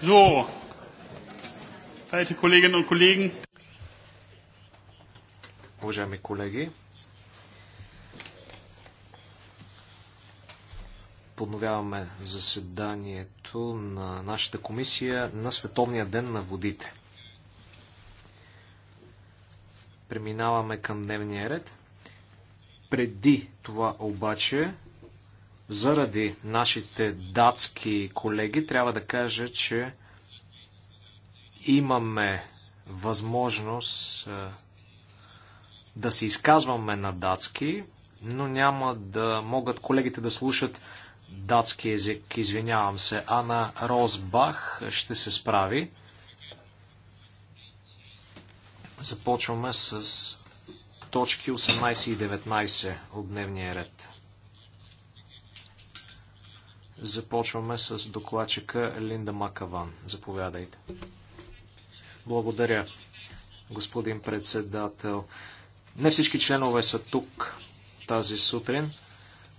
So, alte Kolleginnen und Kollegen. Уважаеми колеги, подновяваме заседанието на нашата комисия на Световния ден на водите. Преминаваме към дневния ред. Преди това обаче заради нашите датски колеги, трябва да кажа, че имаме възможност да се изказваме на датски, но няма да могат колегите да слушат датски език. Извинявам се, Ана Розбах ще се справи. Започваме с точки 18 и 19 от дневния ред. Започваме с докладчика Линда Макаван. Заповядайте. Благодаря, господин председател. Не всички членове са тук тази сутрин,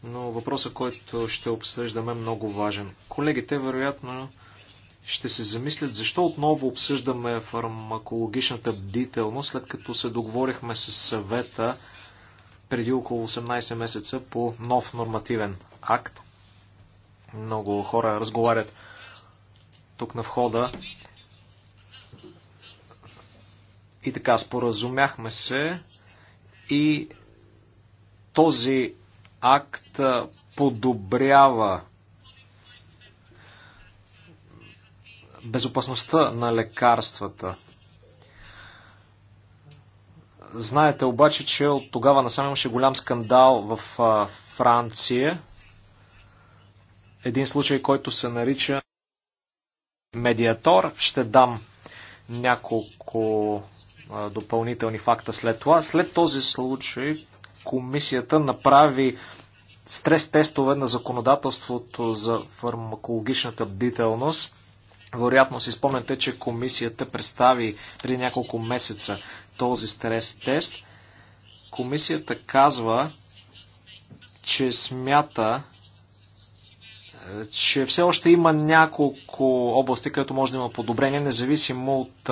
но въпросът, който ще обсъждаме, е много важен. Колегите, вероятно, ще се замислят защо отново обсъждаме фармакологичната бдителност, след като се договорихме с съвета преди около 18 месеца по нов нормативен акт. Много хора разговарят тук на входа. И така, споразумяхме се и този акт подобрява безопасността на лекарствата. Знаете обаче, че от тогава насам имаше голям скандал в Франция един случай, който се нарича медиатор. Ще дам няколко допълнителни факта след това. След този случай комисията направи стрес-тестове на законодателството за фармакологичната бдителност. Вероятно си спомняте, че комисията представи при няколко месеца този стрес-тест. Комисията казва, че смята, че все още има няколко области, където може да има подобрение, независимо от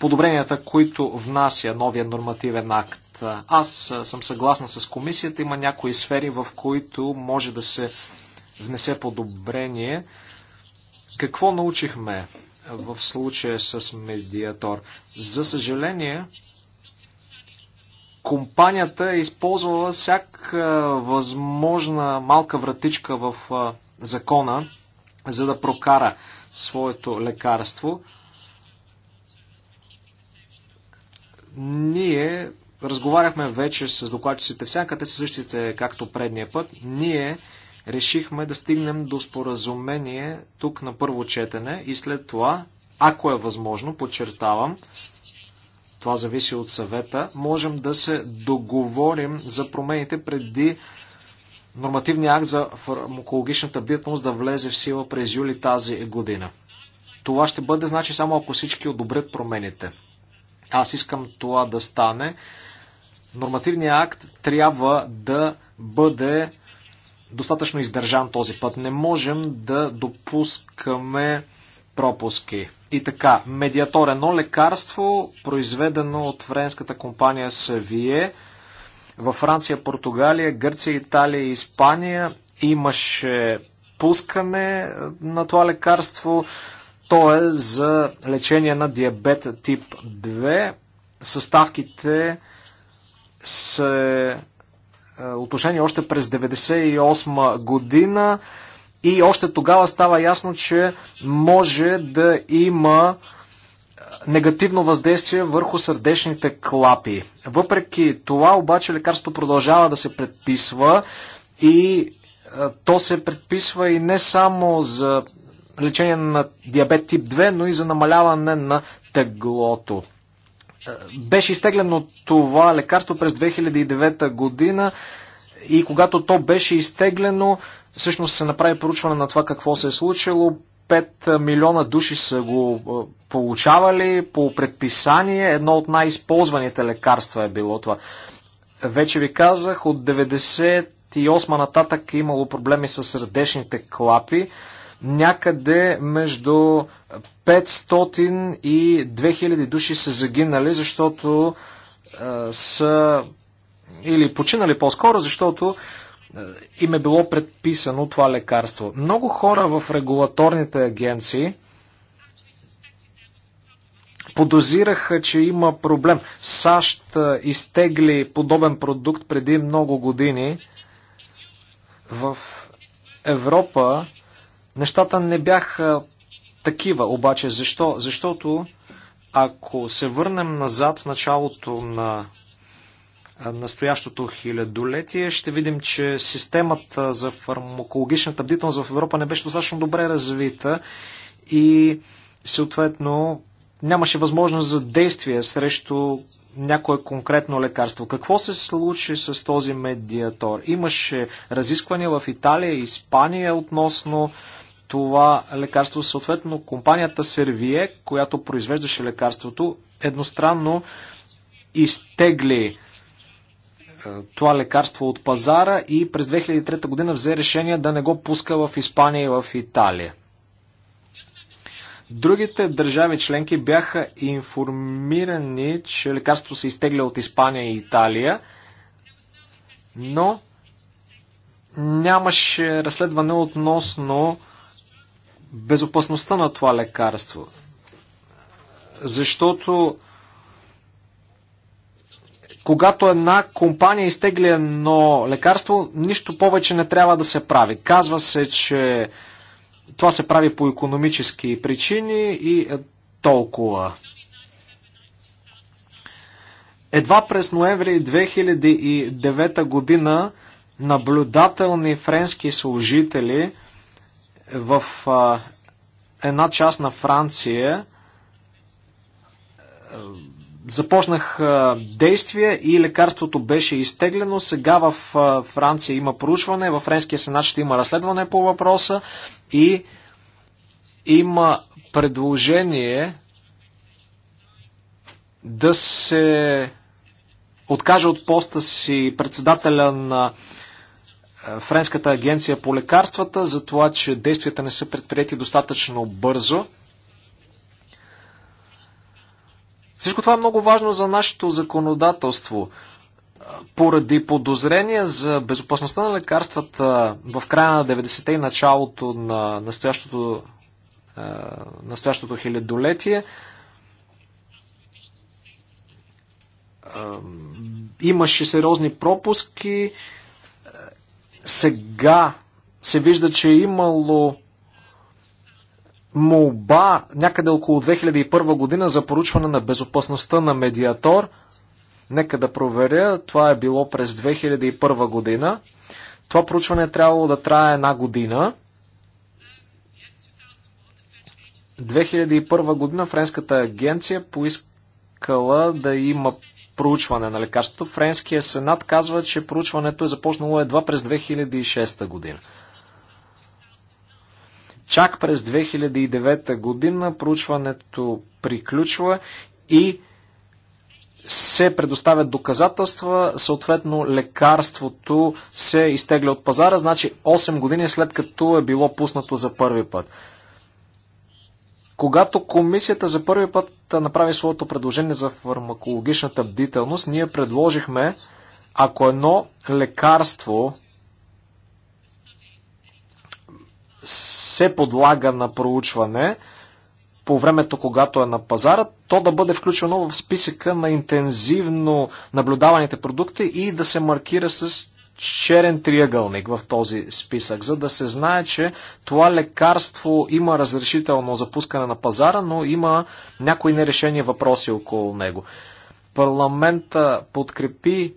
подобренията, които внася новия нормативен акт. Аз съм съгласна с комисията, има някои сфери, в които може да се внесе подобрение. Какво научихме в случая с медиатор? За съжаление, компанията е използвала всяка възможна малка вратичка в закона, за да прокара своето лекарство. Ние разговаряхме вече с докладчиците всяка, те са същите както предния път. Ние решихме да стигнем до споразумение тук на първо четене и след това, ако е възможно, подчертавам, това зависи от съвета, можем да се договорим за промените преди нормативния акт за фармакологичната битност да влезе в сила през юли тази година. Това ще бъде, значи, само ако всички одобрят промените. Аз искам това да стане. Нормативният акт трябва да бъде достатъчно издържан този път. Не можем да допускаме пропуски. И така, медиатор едно лекарство, произведено от френската компания Савие. Във Франция, Португалия, Гърция, Италия и Испания имаше пускане е, на това лекарство. То е за лечение на диабет тип 2. Съставките са е, отношени още през 1998 година. И още тогава става ясно, че може да има негативно въздействие върху сърдечните клапи. Въпреки това, обаче, лекарство продължава да се предписва и то се предписва и не само за лечение на диабет тип 2, но и за намаляване на теглото. Беше изтеглено това лекарство през 2009 година и когато то беше изтеглено, Всъщност се направи проучване на това какво се е случило. 5 милиона души са го получавали по предписание. Едно от най-използваните лекарства е било това. Вече ви казах, от 98 нататък е имало проблеми с сърдечните клапи. Някъде между 500 и 2000 души са загинали, защото е, са или починали по-скоро, защото е, е, им е било предписано това лекарство. Много хора в регулаторните агенции подозираха, че има проблем. САЩ е, изтегли подобен продукт преди много години. В Европа нещата не бяха такива, обаче защо? Защото ако се върнем назад в началото на настоящото хилядолетие. Ще видим, че системата за фармакологичната бдителност в Европа не беше достатъчно добре развита и съответно нямаше възможност за действие срещу някое конкретно лекарство. Какво се случи с този медиатор? Имаше разисквания в Италия и Испания относно това лекарство. Съответно, компанията Сервие, която произвеждаше лекарството, едностранно изтегли това лекарство от пазара и през 2003 година взе решение да не го пуска в Испания и в Италия. Другите държави членки бяха информирани, че лекарството се изтегля от Испания и Италия, но нямаше разследване относно безопасността на това лекарство. Защото когато една компания изтегли едно лекарство, нищо повече не трябва да се прави. Казва се, че това се прави по економически причини и е толкова. Едва през ноември 2009 година наблюдателни френски служители в една част на Франция започнах действия и лекарството беше изтеглено. Сега в Франция има проучване, в Френския сенат ще има разследване по въпроса и има предложение да се откаже от поста си председателя на Френската агенция по лекарствата за това, че действията не са предприяти достатъчно бързо. Всичко това е много важно за нашето законодателство. Поради подозрения за безопасността на лекарствата в края на 90-те и началото на настоящото, е, настоящото хилядолетие, е, имаше сериозни пропуски. Сега се вижда, че е имало молба някъде около 2001 година за поручване на безопасността на медиатор. Нека да проверя, това е било през 2001 година. Това проучване е трябвало да трае една година. 2001 година Френската агенция поискала да има проучване на лекарството. Френския сенат казва, че проучването е започнало едва през 2006 година. Чак през 2009 година проучването приключва и се предоставят доказателства, съответно лекарството се изтегля от пазара, значи 8 години след като е било пуснато за първи път. Когато комисията за първи път направи своето предложение за фармакологичната бдителност, ние предложихме, ако едно лекарство се подлага на проучване по времето, когато е на пазара, то да бъде включено в списъка на интензивно наблюдаваните продукти и да се маркира с черен триъгълник в този списък, за да се знае, че това лекарство има разрешително запускане на пазара, но има някои нерешени въпроси около него. Парламента подкрепи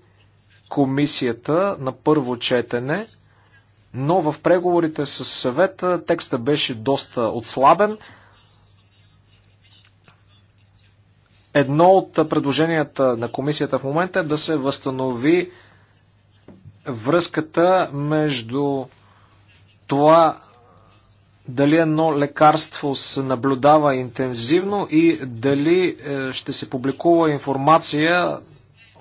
комисията на първо четене но в преговорите с съвета текста беше доста отслабен. Едно от предложенията на комисията в момента е да се възстанови връзката между това дали едно лекарство се наблюдава интензивно и дали е, ще се публикува информация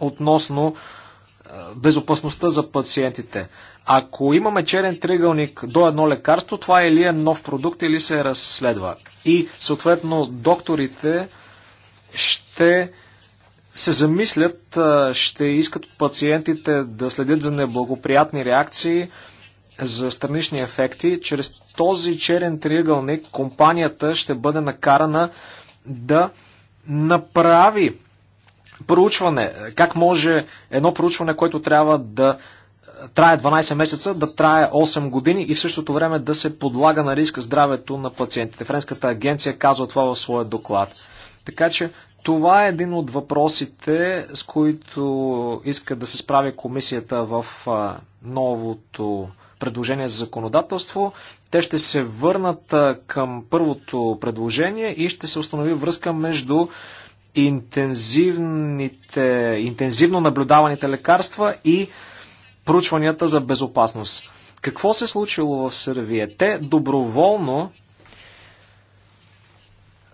относно е, безопасността за пациентите. Ако имаме черен тригълник до едно лекарство, това или е нов продукт, или се разследва. И съответно докторите ще се замислят, ще искат пациентите да следят за неблагоприятни реакции, за странични ефекти. Чрез този черен триъгълник компанията ще бъде накарана да направи проучване. Как може едно проучване, което трябва да трае 12 месеца, да трае 8 години и в същото време да се подлага на риск здравето на пациентите. Френската агенция казва това в своя доклад. Така че това е един от въпросите, с които иска да се справи комисията в новото предложение за законодателство. Те ще се върнат към първото предложение и ще се установи връзка между интензивните, интензивно наблюдаваните лекарства и проучванията за безопасност. Какво се е случило в Сърбия? Те доброволно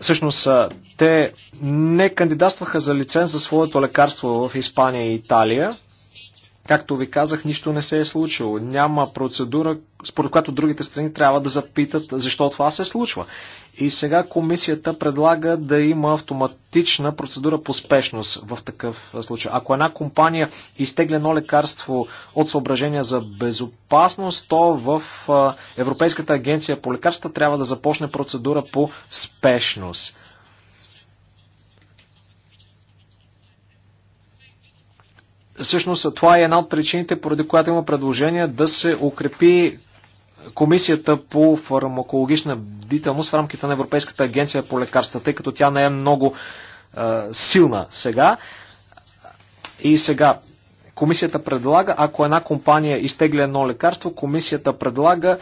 Всъщност, те не кандидатстваха за лиценз за своето лекарство в Испания и Италия. Както ви казах, нищо не се е случило. Няма процедура, според която другите страни трябва да запитат защо това се случва. И сега комисията предлага да има автоматична процедура по спешност в такъв случай. Ако една компания изтегля едно лекарство от съображения за безопасност, то в Европейската агенция по лекарства трябва да започне процедура по спешност. Всъщност това е една от причините, поради която има предложение да се укрепи Комисията по фармакологична бдителност в рамките на Европейската агенция по лекарства, тъй като тя не е много е, силна сега. И сега, комисията предлага, ако една компания изтегля едно лекарство, комисията предлага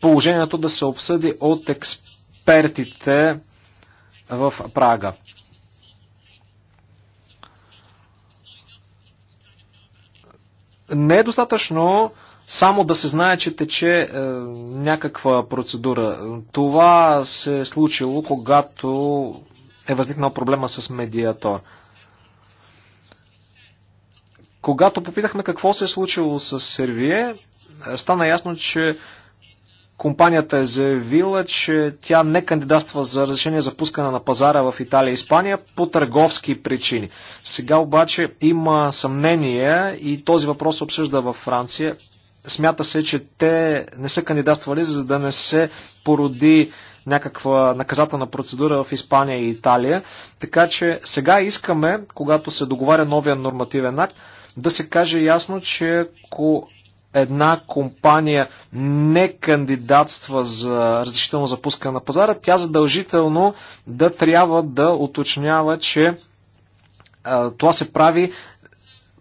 положението да се обсъди от експертите в Прага. не е достатъчно само да се знае, че тече е, някаква процедура. Това се е случило, когато е възникнал проблема с медиатор. Когато попитахме какво се е случило с Сервие, е, стана ясно, че Компанията е заявила, че тя не кандидатства за разрешение за пускане на пазара в Италия и Испания по търговски причини. Сега обаче има съмнение и този въпрос се обсъжда във Франция. Смята се, че те не са кандидатствали, за да не се породи някаква наказателна процедура в Испания и Италия. Така че сега искаме, когато се договаря новия нормативен акт, да се каже ясно, че ако една компания не кандидатства за разрешително запускане на пазара, тя задължително да трябва да уточнява, че това се прави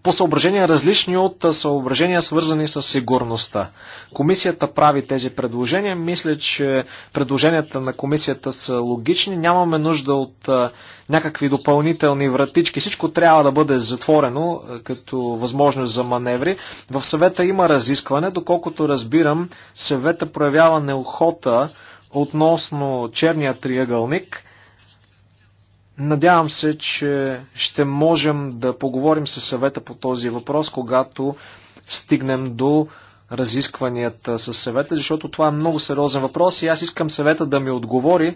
по съображения различни от съображения свързани с сигурността. Комисията прави тези предложения. Мисля, че предложенията на комисията са логични. Нямаме нужда от някакви допълнителни вратички. Всичко трябва да бъде затворено като възможност за маневри. В съвета има разискване. Доколкото разбирам, съвета проявява неохота относно черния триъгълник – Надявам се, че ще можем да поговорим със съвета по този въпрос, когато стигнем до разискванията със съвета, защото това е много сериозен въпрос и аз искам съвета да ми отговори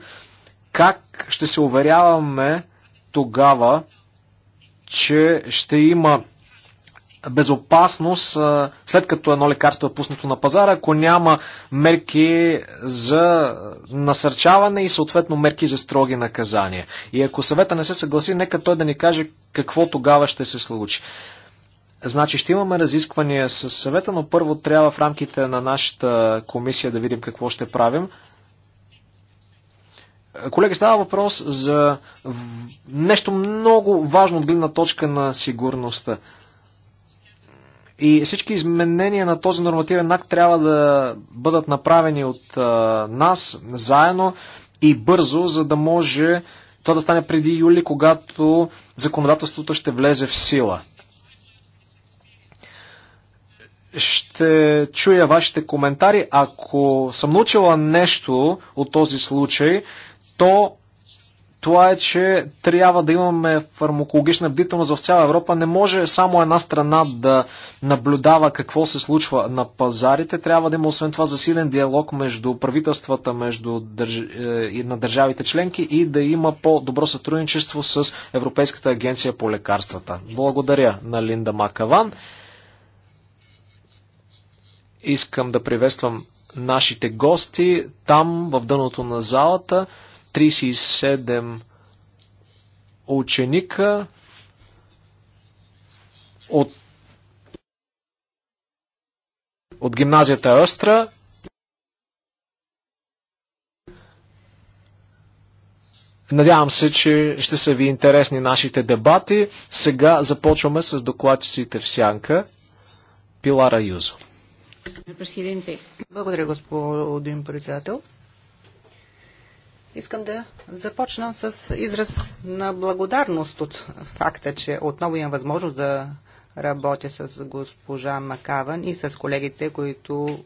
как ще се уверяваме тогава, че ще има безопасност, след като едно лекарство е пуснато на пазара, ако няма мерки за насърчаване и съответно мерки за строги наказания. И ако съвета не се съгласи, нека той да ни каже какво тогава ще се случи. Значи ще имаме разисквания с съвета, но първо трябва в рамките на нашата комисия да видим какво ще правим. Колеги, става въпрос за нещо много важно от гледна точка на сигурността. И всички изменения на този нормативен акт трябва да бъдат направени от нас заедно и бързо, за да може то да стане преди юли, когато законодателството ще влезе в сила. Ще чуя вашите коментари. Ако съм научила нещо от този случай, то това е, че трябва да имаме фармакологична бдителност в цяла Европа. Не може само една страна да наблюдава какво се случва на пазарите. Трябва да има освен това засилен диалог между правителствата между държ... Е, и на държавите членки и да има по-добро сътрудничество с Европейската агенция по лекарствата. Благодаря на Линда Макаван. Искам да приветствам нашите гости там в дъното на залата. 37 ученика от, от гимназията Остра. Надявам се, че ще са ви интересни нашите дебати. Сега започваме с докладчиците в сянка. Пилара Юзо. Благодаря, господин председател. Искам да започна с израз на благодарност от факта, че отново имам възможност да работя с госпожа Макаван и с колегите, които,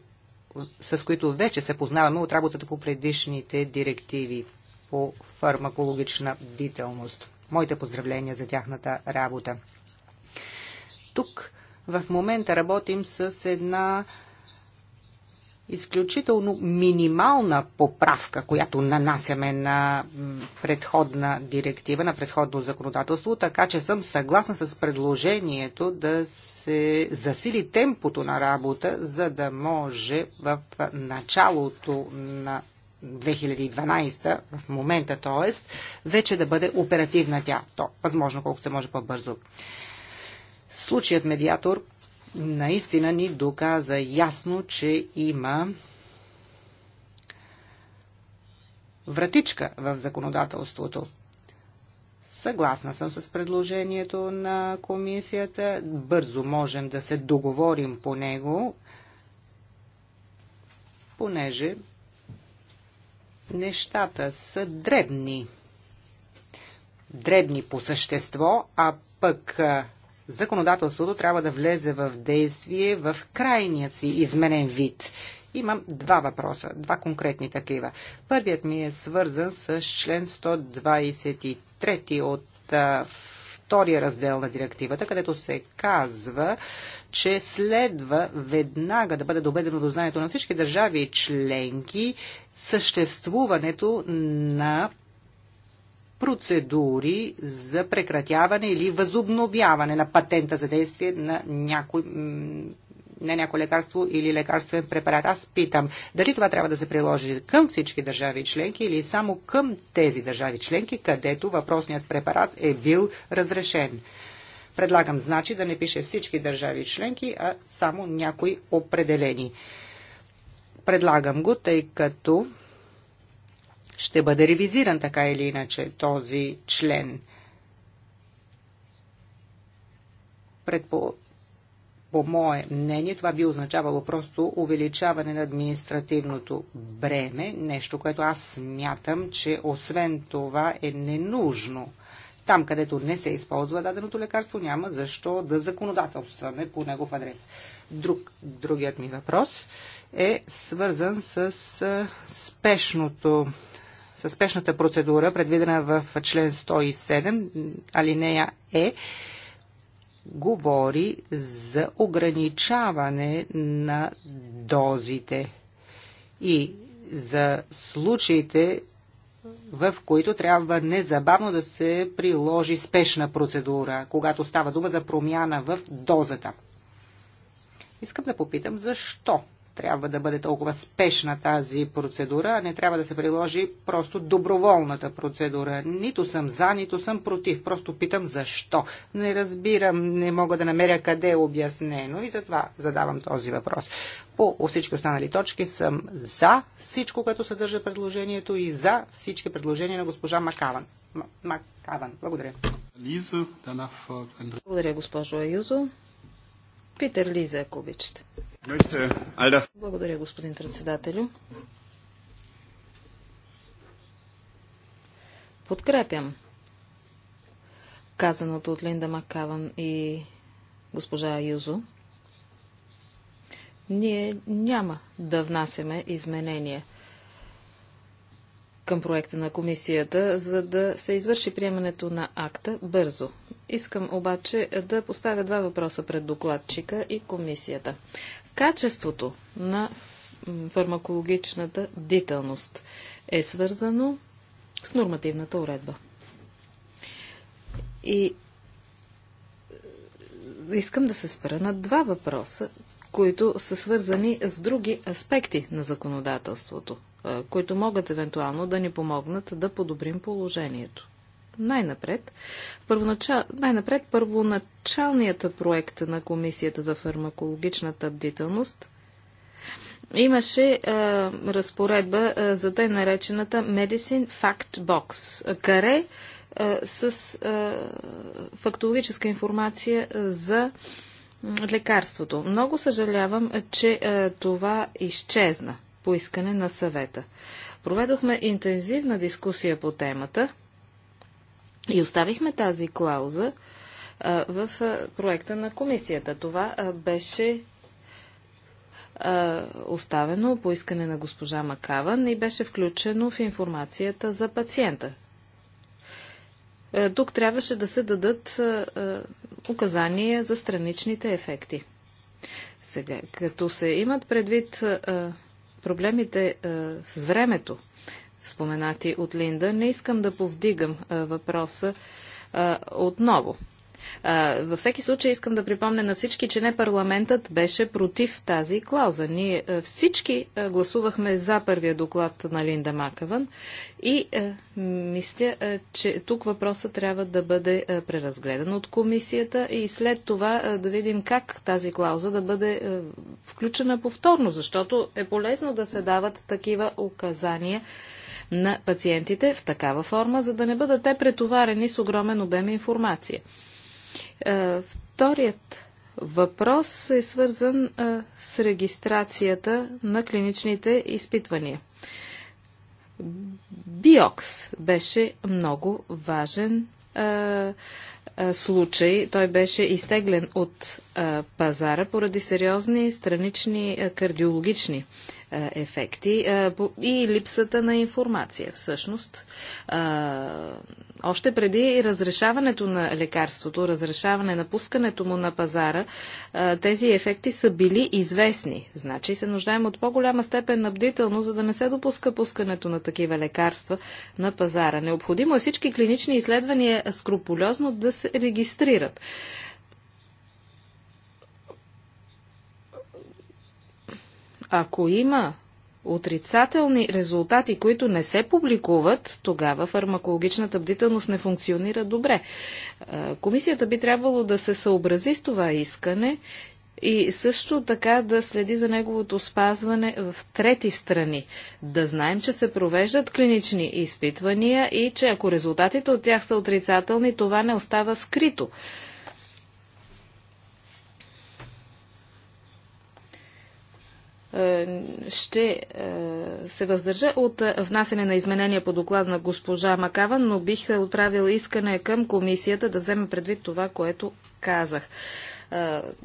с които вече се познаваме от работата по предишните директиви по фармакологична бдителност. Моите поздравления за тяхната работа. Тук в момента работим с една изключително минимална поправка, която нанасяме на предходна директива, на предходно законодателство, така че съм съгласна с предложението да се засили темпото на работа, за да може в началото на 2012, в момента т.е., вече да бъде оперативна тя. То, възможно колкото се може по-бързо. Случият медиатор наистина ни доказа ясно, че има вратичка в законодателството. Съгласна съм с предложението на комисията. Бързо можем да се договорим по него, понеже нещата са дребни. Дребни по същество, а пък законодателството трябва да влезе в действие в крайният си изменен вид. Имам два въпроса, два конкретни такива. Първият ми е свързан с член 123 от а, втория раздел на директивата, където се казва, че следва веднага да бъде доведено до знанието на всички държави членки съществуването на процедури за прекратяване или възобновяване на патента за действие на някой на някое лекарство или лекарствен препарат. Аз питам, дали това трябва да се приложи към всички държави членки или само към тези държави членки, където въпросният препарат е бил разрешен. Предлагам, значи, да не пише всички държави членки, а само някои определени. Предлагам го, тъй като ще бъде ревизиран така или иначе този член. Предпо... По мое мнение, това би означавало просто увеличаване на административното бреме, нещо, което аз смятам, че освен това е ненужно. Там, където не се използва даденото лекарство, няма защо да законодателстваме по негов адрес. Друг, другият ми въпрос е свързан с спешното със спешната процедура, предвидена в член 107, алинея Е, говори за ограничаване на дозите и за случаите, в които трябва незабавно да се приложи спешна процедура, когато става дума за промяна в дозата. Искам да попитам защо трябва да бъде толкова спешна тази процедура, а не трябва да се приложи просто доброволната процедура. Нито съм за, нито съм против. Просто питам защо. Не разбирам, не мога да намеря къде е обяснено и затова задавам този въпрос. По всички останали точки съм за всичко, което съдържа предложението и за всички предложения на госпожа Макаван. Макаван. Благодаря. Благодаря, госпожо Аюзо. Питер Лиза, ако обичате. Благодаря, господин председателю. Подкрепям казаното от Линда Макаван и госпожа Юзо. Ние няма да внасяме изменения към проекта на комисията, за да се извърши приемането на акта бързо. Искам обаче да поставя два въпроса пред докладчика и комисията. Качеството на фармакологичната дителност е свързано с нормативната уредба. И е, искам да се спра на два въпроса, които са свързани с други аспекти на законодателството, е, които могат евентуално да ни помогнат да подобрим положението. Най-напред, първонача... Най-напред първоначалният проект на Комисията за фармакологичната бдителност имаше а, е, разпоредба а, е, за тъй наречената Medicine Fact Box, каре а, е, с а, фактологическа информация за лекарството. Много съжалявам, че а, това изчезна по искане на съвета. Проведохме интензивна дискусия по темата – и оставихме тази клауза а, в а, проекта на комисията. Това а, беше оставено по искане на госпожа Макаван и беше включено в информацията за пациента. Тук трябваше да се дадат указания за страничните ефекти. Сега, като се имат предвид проблемите с времето споменати от Линда. Не искам да повдигам въпроса отново. във всеки случай искам да припомня на всички, че не парламентът беше против тази клауза. Ние всички гласувахме за първия доклад на Линда Макаван и мисля, че тук въпроса трябва да бъде преразгледан от комисията и след това да видим как тази клауза да бъде включена повторно, защото е полезно да се дават такива указания на пациентите в такава форма, за да не бъдат те претоварени с огромен обем информация. Е, вторият въпрос е свързан е, с регистрацията на клиничните изпитвания. Биокс беше много важен е, случай той беше изтеглен от пазара поради сериозни странични кардиологични ефекти и липсата на информация. Всъщност, още преди разрешаването на лекарството, разрешаване на пускането му на пазара, тези ефекти са били известни. Значи се нуждаем от по-голяма степен на бдителност, за да не се допуска пускането на такива лекарства на пазара. Необходимо е всички клинични изследвания скрупулезно да се регистрират. Ако има отрицателни резултати, които не се публикуват, тогава фармакологичната бдителност не функционира добре. Комисията би трябвало да се съобрази с това искане и също така да следи за неговото спазване в трети страни. Да знаем, че се провеждат клинични изпитвания и че ако резултатите от тях са отрицателни, това не остава скрито. Е, ще е, се въздържа от е, внасене на изменения по доклад на госпожа Макаван, но бих отправил искане към комисията да вземе предвид това, което казах.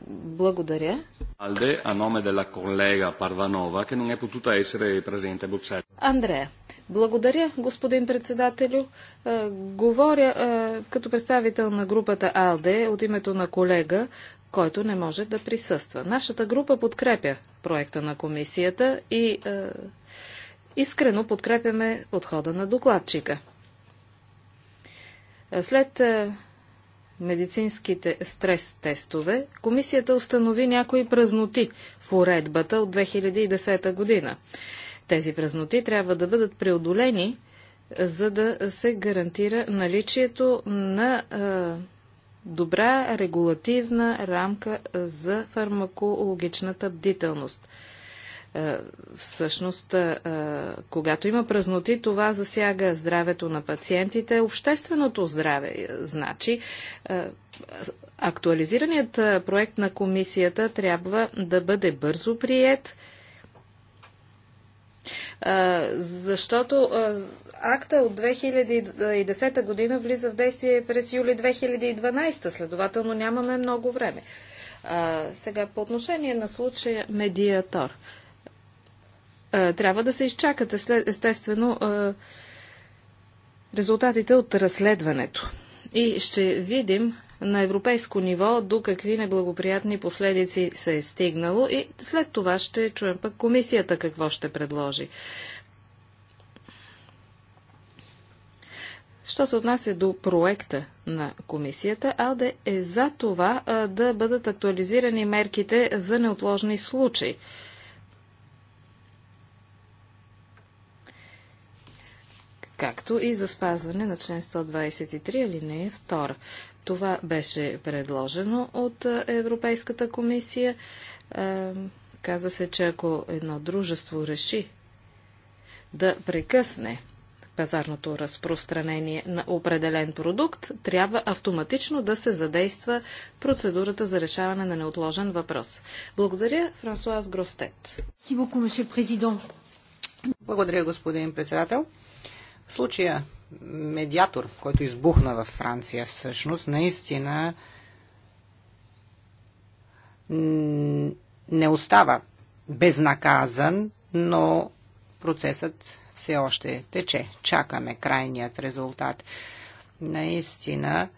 Благодаря. Алде, а номе дела колега Парванова, ке не потута potuta essere presente Андрея. Благодаря, господин председателю. Говоря като представител на групата АЛДЕ от името на колега, който не може да присъства. Нашата група подкрепя проекта на комисията и е, искрено подкрепяме подхода на докладчика. След е, медицинските стрес-тестове, комисията установи някои празноти в уредбата от 2010 година. Тези празноти трябва да бъдат преодолени, за да се гарантира наличието на е, добра регулативна рамка за фармакологичната бдителност. Е, всъщност, е, когато има празноти, това засяга здравето на пациентите, общественото здраве. Е, значи, актуализираният проект на комисията трябва да бъде бързо прият, защото акта от 2010 година влиза в действие през юли 2012, следователно нямаме много време. А, сега, по отношение на случая медиатор. А, трябва да се изчакат, естествено, а, резултатите от разследването. И ще видим на европейско ниво до какви неблагоприятни последици се е стигнало и след това ще чуем пък комисията какво ще предложи. Що се отнася до проекта на комисията, АЛДЕ е за това да бъдат актуализирани мерките за неотложни случаи. както и за спазване на член 123 алинея 2. Това беше предложено от Европейската комисия. казва се, че ако едно дружество реши да прекъсне пазарното разпространение на определен продукт, трябва автоматично да се задейства процедурата за решаване на неотложен въпрос. Благодаря, Франсуаз Гростет. Благодаря, господин председател. В случая медиатор, който избухна във Франция всъщност, наистина не остава безнаказан, но процесът все още тече. Чакаме крайният резултат. Наистина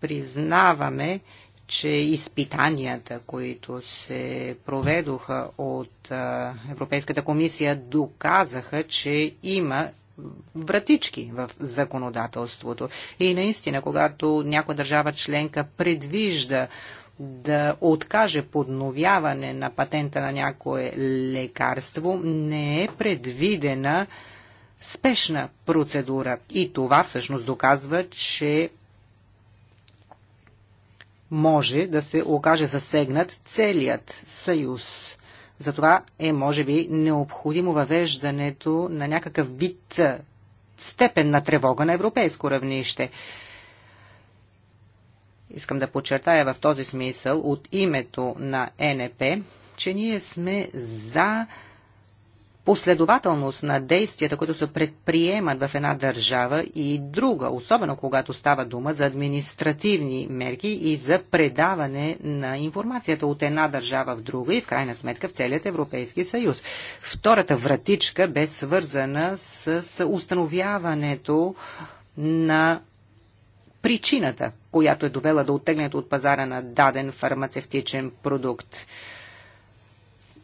признаваме, че изпитанията, които се проведоха от Европейската комисия, доказаха, че има вратички в законодателството. И наистина, когато някоя държава членка предвижда да откаже подновяване на патента на някое лекарство, не е предвидена спешна процедура. И това всъщност доказва, че може да се окаже засегнат целият съюз. Затова е, може би, необходимо въвеждането на някакъв вид степен на тревога на европейско равнище. Искам да подчертая в този смисъл от името на НП, че ние сме за последователност на действията, които се предприемат в една държава и друга, особено когато става дума за административни мерки и за предаване на информацията от една държава в друга и в крайна сметка в целият Европейски съюз. Втората вратичка бе свързана с установяването на причината, която е довела до оттеглянето от пазара на даден фармацевтичен продукт.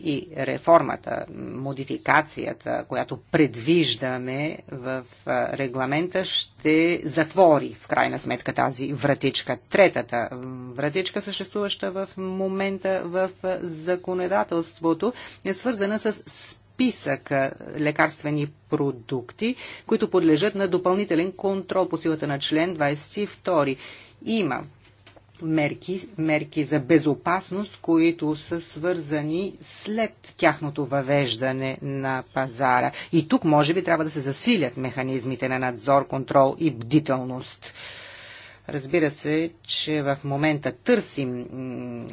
И реформата, модификацията, която предвиждаме в регламента, ще затвори в крайна сметка тази вратичка. Третата вратичка, съществуваща в момента в законодателството, е свързана с списък лекарствени продукти, които подлежат на допълнителен контрол по силата на член 22. Има мерки, мерки за безопасност, които са свързани след тяхното въвеждане на пазара. И тук може би трябва да се засилят механизмите на надзор, контрол и бдителност. Разбира се, че в момента търсим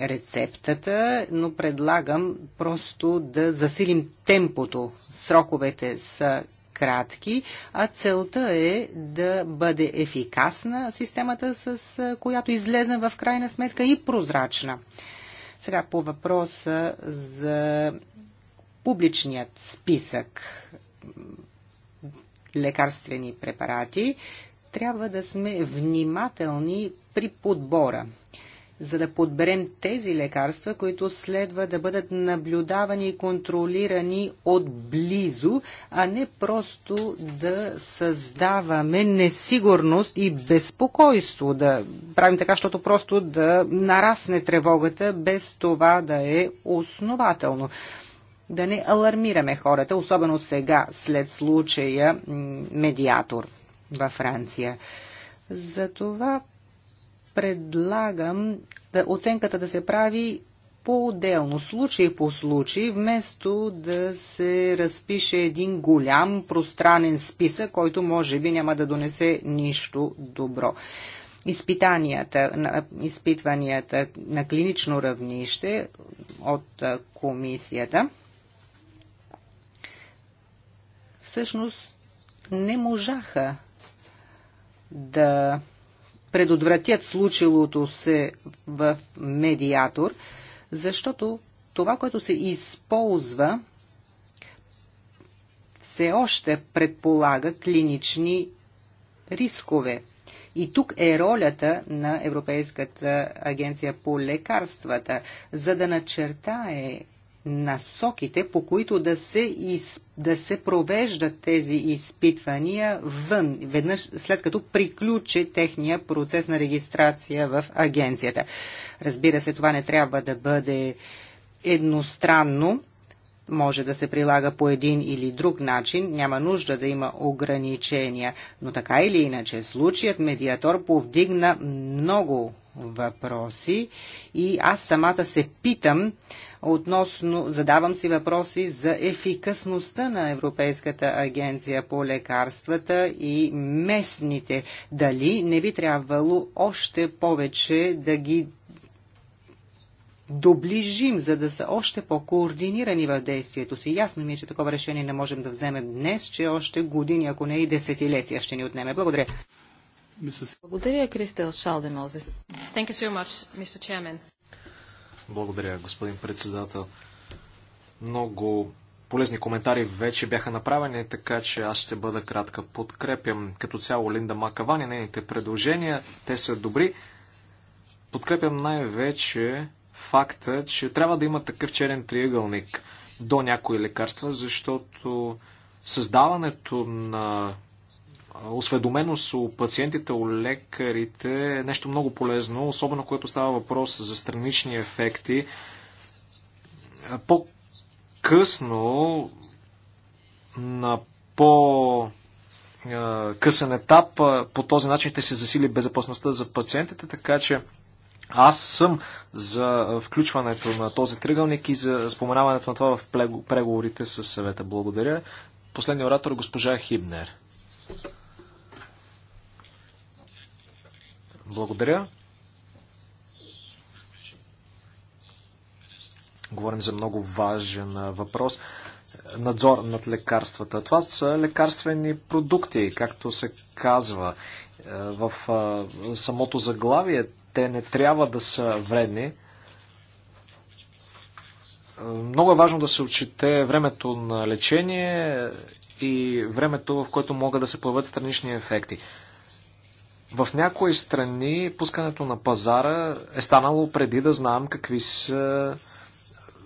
рецептата, но предлагам просто да засилим темпото. Сроковете са кратки, а целта е да бъде ефикасна системата, с която излезем в крайна сметка и прозрачна. Сега по въпроса за публичният списък лекарствени препарати, трябва да сме внимателни при подбора, за да подберем тези лекарства, които следва да бъдат наблюдавани и контролирани отблизо, а не просто да създаваме несигурност и безпокойство, да правим така, защото просто да нарасне тревогата, без това да е основателно да не алармираме хората, особено сега след случая медиатор във Франция. Затова предлагам да, оценката да се прави по-отделно, случай по случай, вместо да се разпише един голям пространен списък, който може би няма да донесе нищо добро. Изпитанията, изпитванията на клинично равнище от комисията всъщност не можаха да предотвратят случилото се в медиатор, защото това, което се използва, все още предполага клинични рискове. И тук е ролята на Европейската агенция по лекарствата, за да начертае насоките, по които да се, из, да се провеждат тези изпитвания вън, веднъж след като приключи техния процес на регистрация в агенцията. Разбира се, това не трябва да бъде едностранно, може да се прилага по един или друг начин, няма нужда да има ограничения, но така или иначе случаят медиатор повдигна много въпроси и аз самата се питам относно, задавам си въпроси за ефикасността на Европейската агенция по лекарствата и местните. Дали не би трябвало още повече да ги доближим, за да са още по-координирани в действието си. Ясно ми е, че такова решение не можем да вземем днес, че още години, ако не и десетилетия ще ни отнеме. Благодаря. Благодаря, Кристел Шалдемозе. So Благодаря, господин председател. Много полезни коментари вече бяха направени, така че аз ще бъда кратка. Подкрепям като цяло Линда Макавани, нейните предложения, те са добри. Подкрепям най-вече факта, че трябва да има такъв черен триъгълник до някои лекарства, защото създаването на осведоменост у пациентите, у лекарите е нещо много полезно, особено което става въпрос за странични ефекти. По-късно, на по- късен етап, по този начин ще се засили безопасността за пациентите, така че аз съм за включването на този тригълник и за споменаването на това в преговорите с съвета. Благодаря. Последният оратор госпожа Хибнер. Благодаря. Говорим за много важен въпрос. Надзор над лекарствата. Това са лекарствени продукти, както се казва е, в самото заглавие. Те не трябва да са вредни. Е, много е важно да се отчете времето на лечение и времето, в което могат да се появят странични ефекти. В някои страни пускането на пазара е станало преди да знаем какви са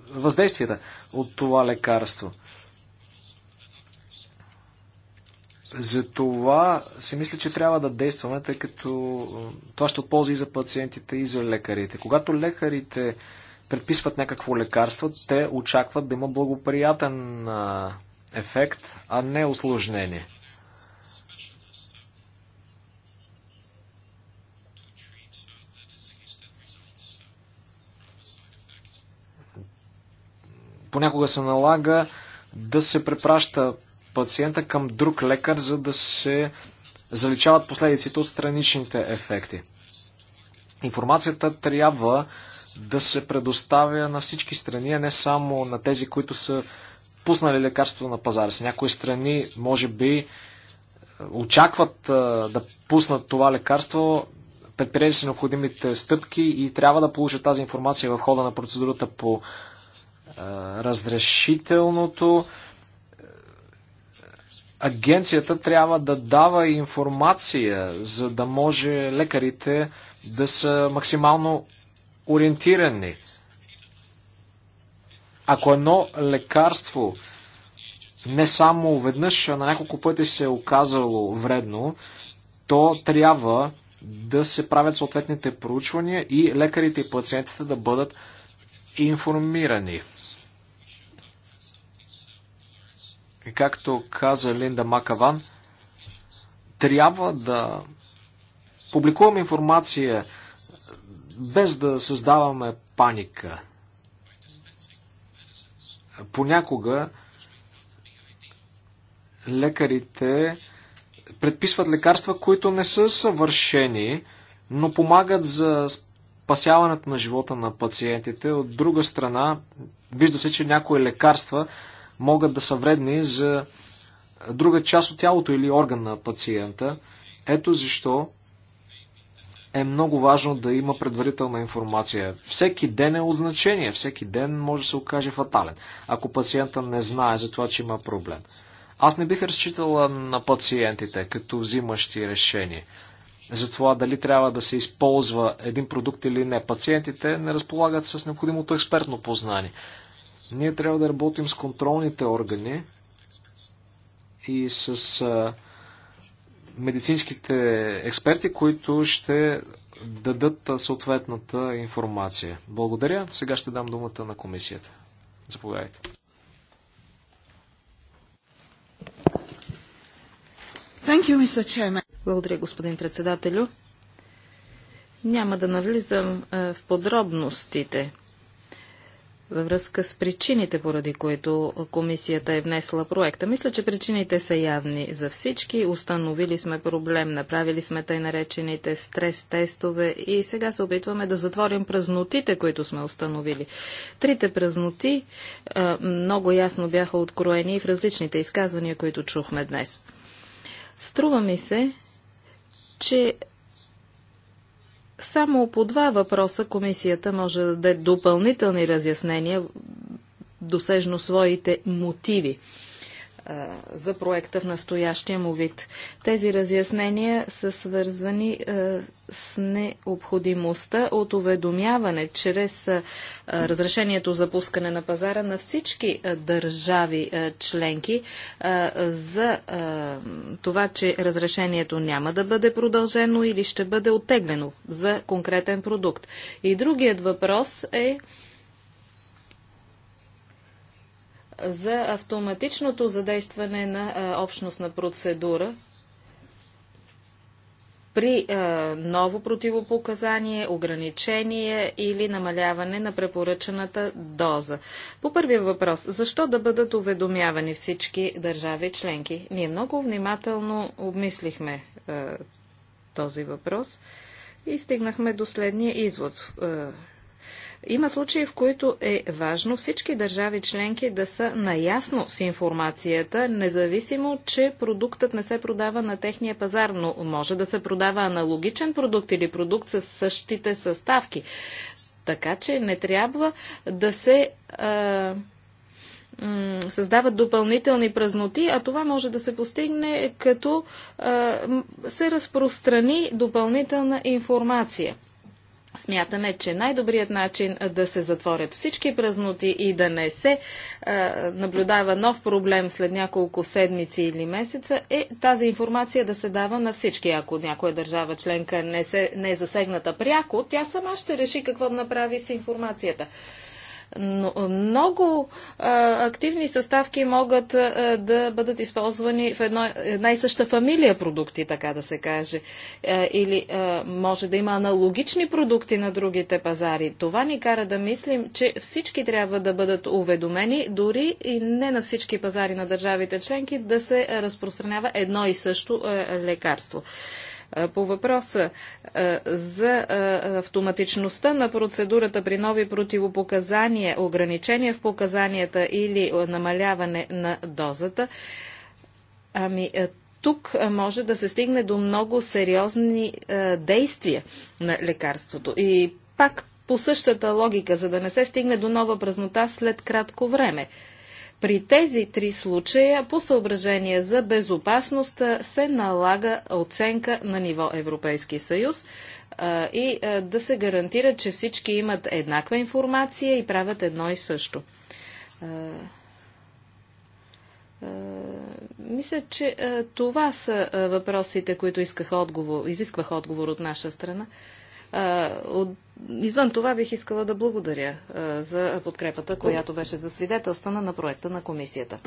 въздействията от това лекарство. Затова си мисля, че трябва да действаме, тъй като това ще отползва и за пациентите, и за лекарите. Когато лекарите предписват някакво лекарство, те очакват да има благоприятен ефект, а не осложнение. Понякога се налага да се препраща пациента към друг лекар, за да се заличават последиците от страничните ефекти. Информацията трябва да се предоставя на всички страни, а не само на тези, които са пуснали лекарство на пазара. С някои страни, може би, очакват да пуснат това лекарство, предприели са необходимите стъпки и трябва да получат тази информация в хода на процедурата по разрешителното. Агенцията трябва да дава информация, за да може лекарите да са максимално ориентирани. Ако едно лекарство не само веднъж, а на няколко пъти се е оказало вредно, то трябва да се правят съответните проучвания и лекарите и пациентите да бъдат информирани. Както каза Линда Макаван, трябва да публикуваме информация без да създаваме паника. Понякога лекарите предписват лекарства, които не са съвършени, но помагат за спасяването на живота на пациентите. От друга страна, вижда се, че някои лекарства могат да са вредни за друга част от тялото или орган на пациента. Ето защо е много важно да има предварителна информация. Всеки ден е от значение, всеки ден може да се окаже фатален, ако пациента не знае за това, че има проблем. Аз не бих разчитала на пациентите като взимащи решение за това дали трябва да се използва един продукт или не. Пациентите не разполагат с необходимото експертно познание. Ние трябва да работим с контролните органи и с медицинските експерти, които ще дадат съответната информация. Благодаря. Сега ще дам думата на комисията. Заповядайте. Благодаря, господин председателю. Няма да навлизам в подробностите във връзка с причините, поради които комисията е внесла проекта. Мисля, че причините са явни за всички. Установили сме проблем, направили сме тъй наречените стрес-тестове и сега се опитваме да затворим празнотите, които сме установили. Трите празноти много ясно бяха откроени в различните изказвания, които чухме днес. Струва ми се, че само по два въпроса комисията може да даде допълнителни разяснения, досежно своите мотиви за проекта в настоящия му вид. Тези разяснения са свързани с необходимостта от уведомяване чрез разрешението за пускане на пазара на всички държави членки за това, че разрешението няма да бъде продължено или ще бъде оттеглено за конкретен продукт. И другият въпрос е за автоматичното задействане на общностна процедура при ново противопоказание, ограничение или намаляване на препоръчената доза. По първия въпрос, защо да бъдат уведомявани всички държави членки? Ние много внимателно обмислихме този въпрос и стигнахме до следния извод. Има случаи, в които е важно всички държави членки да са наясно с информацията, независимо, че продуктът не се продава на техния пазар, но може да се продава аналогичен продукт или продукт с същите съставки. Така че не трябва да се а, създават допълнителни празноти, а това може да се постигне като а, се разпространи допълнителна информация. Смятаме, че най-добрият начин да се затворят всички празноти и да не се е, наблюдава нов проблем след няколко седмици или месеца е тази информация да се дава на всички. Ако някоя държава членка не, се, не е засегната пряко, тя сама ще реши какво да направи с информацията. Но е, много а, е, активни съставки могат а, е, да бъдат използвани в едно, една и съща фамилия продукти, така да се каже. А, или а, може да има аналогични продукти на другите пазари. Това ни кара да мислим, че всички трябва да бъдат уведомени, дори и не на всички пазари на държавите членки да се разпространява едно и също а, лекарство. По въпроса за автоматичността на процедурата при нови противопоказания, ограничения в показанията или намаляване на дозата, ами тук може да се стигне до много сериозни действия на лекарството. И пак по същата логика, за да не се стигне до нова празнота след кратко време. При тези три случая по съображение за безопасност се налага оценка на ниво Европейски съюз и да се гарантира, че всички имат еднаква информация и правят едно и също. мисля, че това са въпросите, които исках отговор, изисквах отговор от наша страна. От Извън това бих искала да благодаря а, за подкрепата, която беше засвидетелствана на проекта на комисията.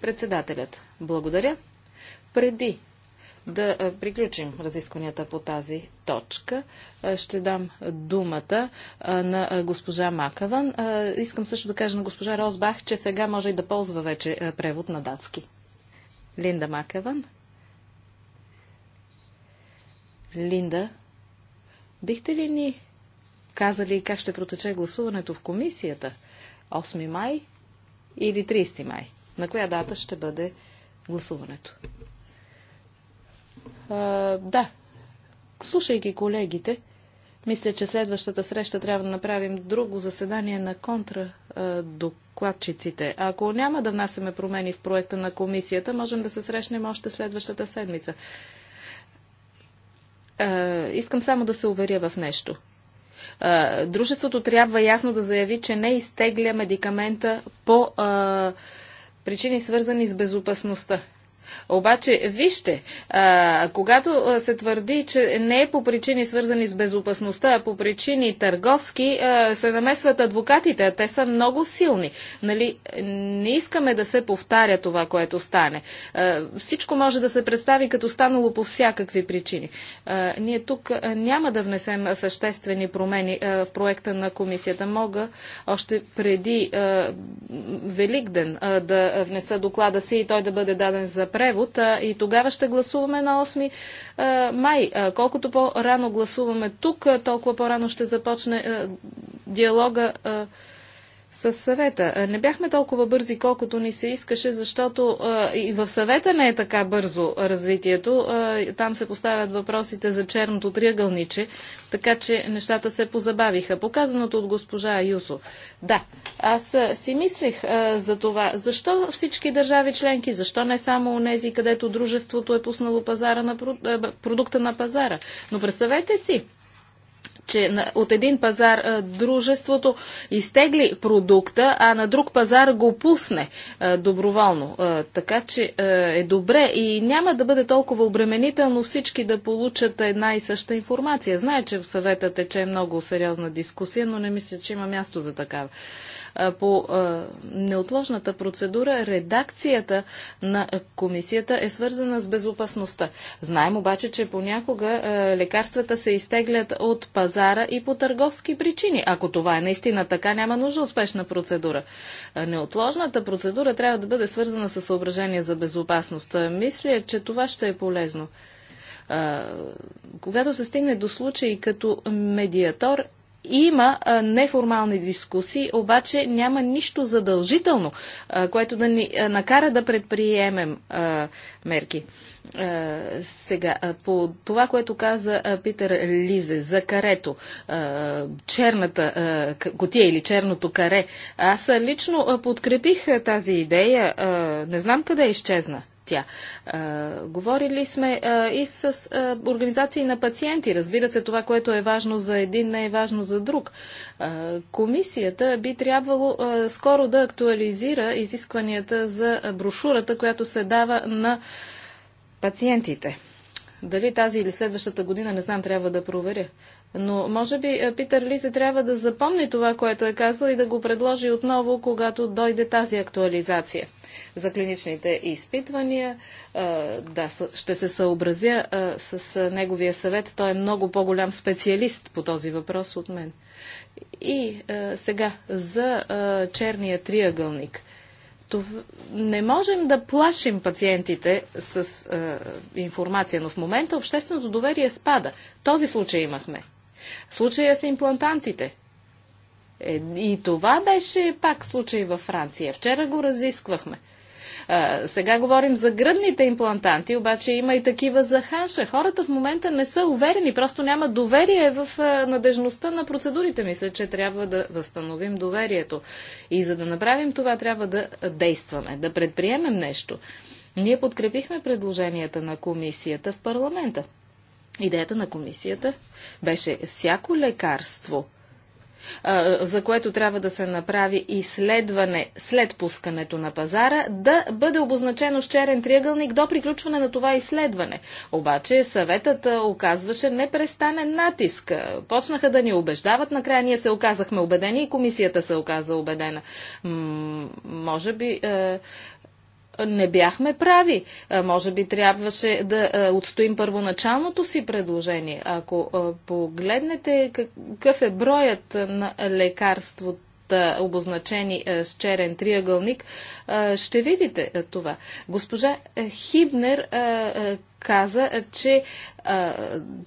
Председателят, благодаря. Преди да а, приключим разискванията по тази точка, а, ще дам думата на госпожа Макаван. Искам също да кажа на госпожа Розбах, че сега може и да ползва вече превод на датски. Линда Макаван. Линда Бихте ли ни казали как ще протече гласуването в комисията? 8 май или 30 май? На коя дата ще бъде гласуването? А, да, слушайки колегите, мисля, че следващата среща трябва да направим друго заседание на контрадокладчиците. Ако няма да внасяме промени в проекта на комисията, можем да се срещнем още следващата седмица искам само да се уверя в нещо. А, дружеството трябва ясно да заяви, че не изтегля медикамента по а, причини свързани с безопасността. Обаче, вижте, а, когато се твърди, че не е по причини свързани с безопасността, а по причини търговски, а, се намесват адвокатите, а те са много силни. Нали? Не искаме да се повтаря това, което стане. А, всичко може да се представи като станало по всякакви причини. А, ние тук няма да внесем съществени промени а, в проекта на комисията. Мога още преди а, Великден а, да внеса доклада си и той да бъде даден за превод и тогава ще гласуваме на 8 май. Колкото по-рано гласуваме тук, толкова по-рано ще започне диалога с съвета. Не бяхме толкова бързи, колкото ни се искаше, защото и в съвета не е така бързо развитието. там се поставят въпросите за черното триъгълниче, така че нещата се позабавиха. Показаното от госпожа Юсо. Да, аз си мислих за това. Защо всички държави членки? Защо не само у нези, където дружеството е пуснало пазара на, продукта на пазара? Но представете си, че от един пазар дружеството изтегли продукта, а на друг пазар го пусне доброволно. Така че е добре и няма да бъде толкова обременително всички да получат една и съща информация. Знае, че в съвета тече много сериозна дискусия, но не мисля, че има място за такава. По неотложната процедура редакцията на комисията е свързана с безопасността. Знаем обаче, че понякога лекарствата се изтеглят от пазар пазара и по търговски причини. Ако това е наистина така, няма нужда от спешна процедура. Е, неотложната процедура трябва да бъде свързана с съображение за безопасност. Е, мисля, че това ще е полезно. Е, когато се стигне до случаи като медиатор, има а, неформални дискусии, обаче няма нищо задължително, а, което да ни а, накара да предприемем а, мерки. А, сега, а, по това, което каза а, Питър Лизе за карето, а, черната котия или черното каре, аз лично а, подкрепих а, тази идея. А, не знам къде е изчезна тя. А, говорили сме а, и с а, организации на пациенти. Разбира се, това, което е важно за един, не е важно за друг. А, комисията би трябвало а, скоро да актуализира изискванията за брошурата, която се дава на пациентите. Дали тази или следващата година, не знам, трябва да проверя. Но може би е, Питър Лизе трябва да запомни това, което е казал и да го предложи отново, когато дойде тази актуализация. За клиничните изпитвания, е, да, ще се съобразя е, с неговия съвет. Той е много по-голям специалист по този въпрос от мен. И сега за черния триъгълник не можем да плашим пациентите с е, информация, но в момента общественото доверие спада. Този случай имахме. Случая с имплантантите. Е, и това беше пак случай във Франция. Вчера го разисквахме. А, сега говорим за гръдните имплантанти, обаче има и такива за ханша. Хората в момента не са уверени, просто няма доверие в а, надежността на процедурите. Мисля, че трябва да възстановим доверието. И за да направим това, трябва да действаме, да предприемем нещо. Ние подкрепихме предложенията на комисията в парламента. Идеята на комисията беше всяко лекарство, за което трябва да се направи изследване след пускането на пазара, да бъде обозначено с черен триъгълник до приключване на това изследване. Обаче съветът оказваше непрестанен натиск. Почнаха да ни убеждават, накрая ние се оказахме убедени и комисията се оказа убедена. М- може би е, не бяхме прави. Може би трябваше да отстоим първоначалното си предложение. Ако погледнете какъв е броят на лекарството, обозначени с черен триъгълник, ще видите това. Госпожа Хибнер каза, че а,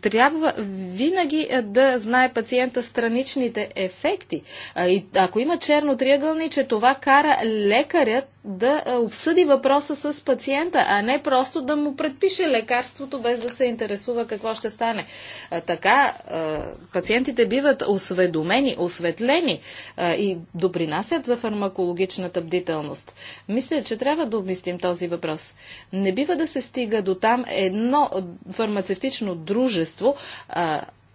трябва винаги да знае пациента страничните ефекти. А, и ако има черно триъгълниче, това кара лекарят да обсъди въпроса с пациента, а не просто да му предпише лекарството, без да се интересува какво ще стане. А, така а, пациентите биват осведомени, осветлени а, и допринасят за фармакологичната бдителност. Мисля, че трябва да обмислим този въпрос. Не бива да се стига до там е едно фармацевтично дружество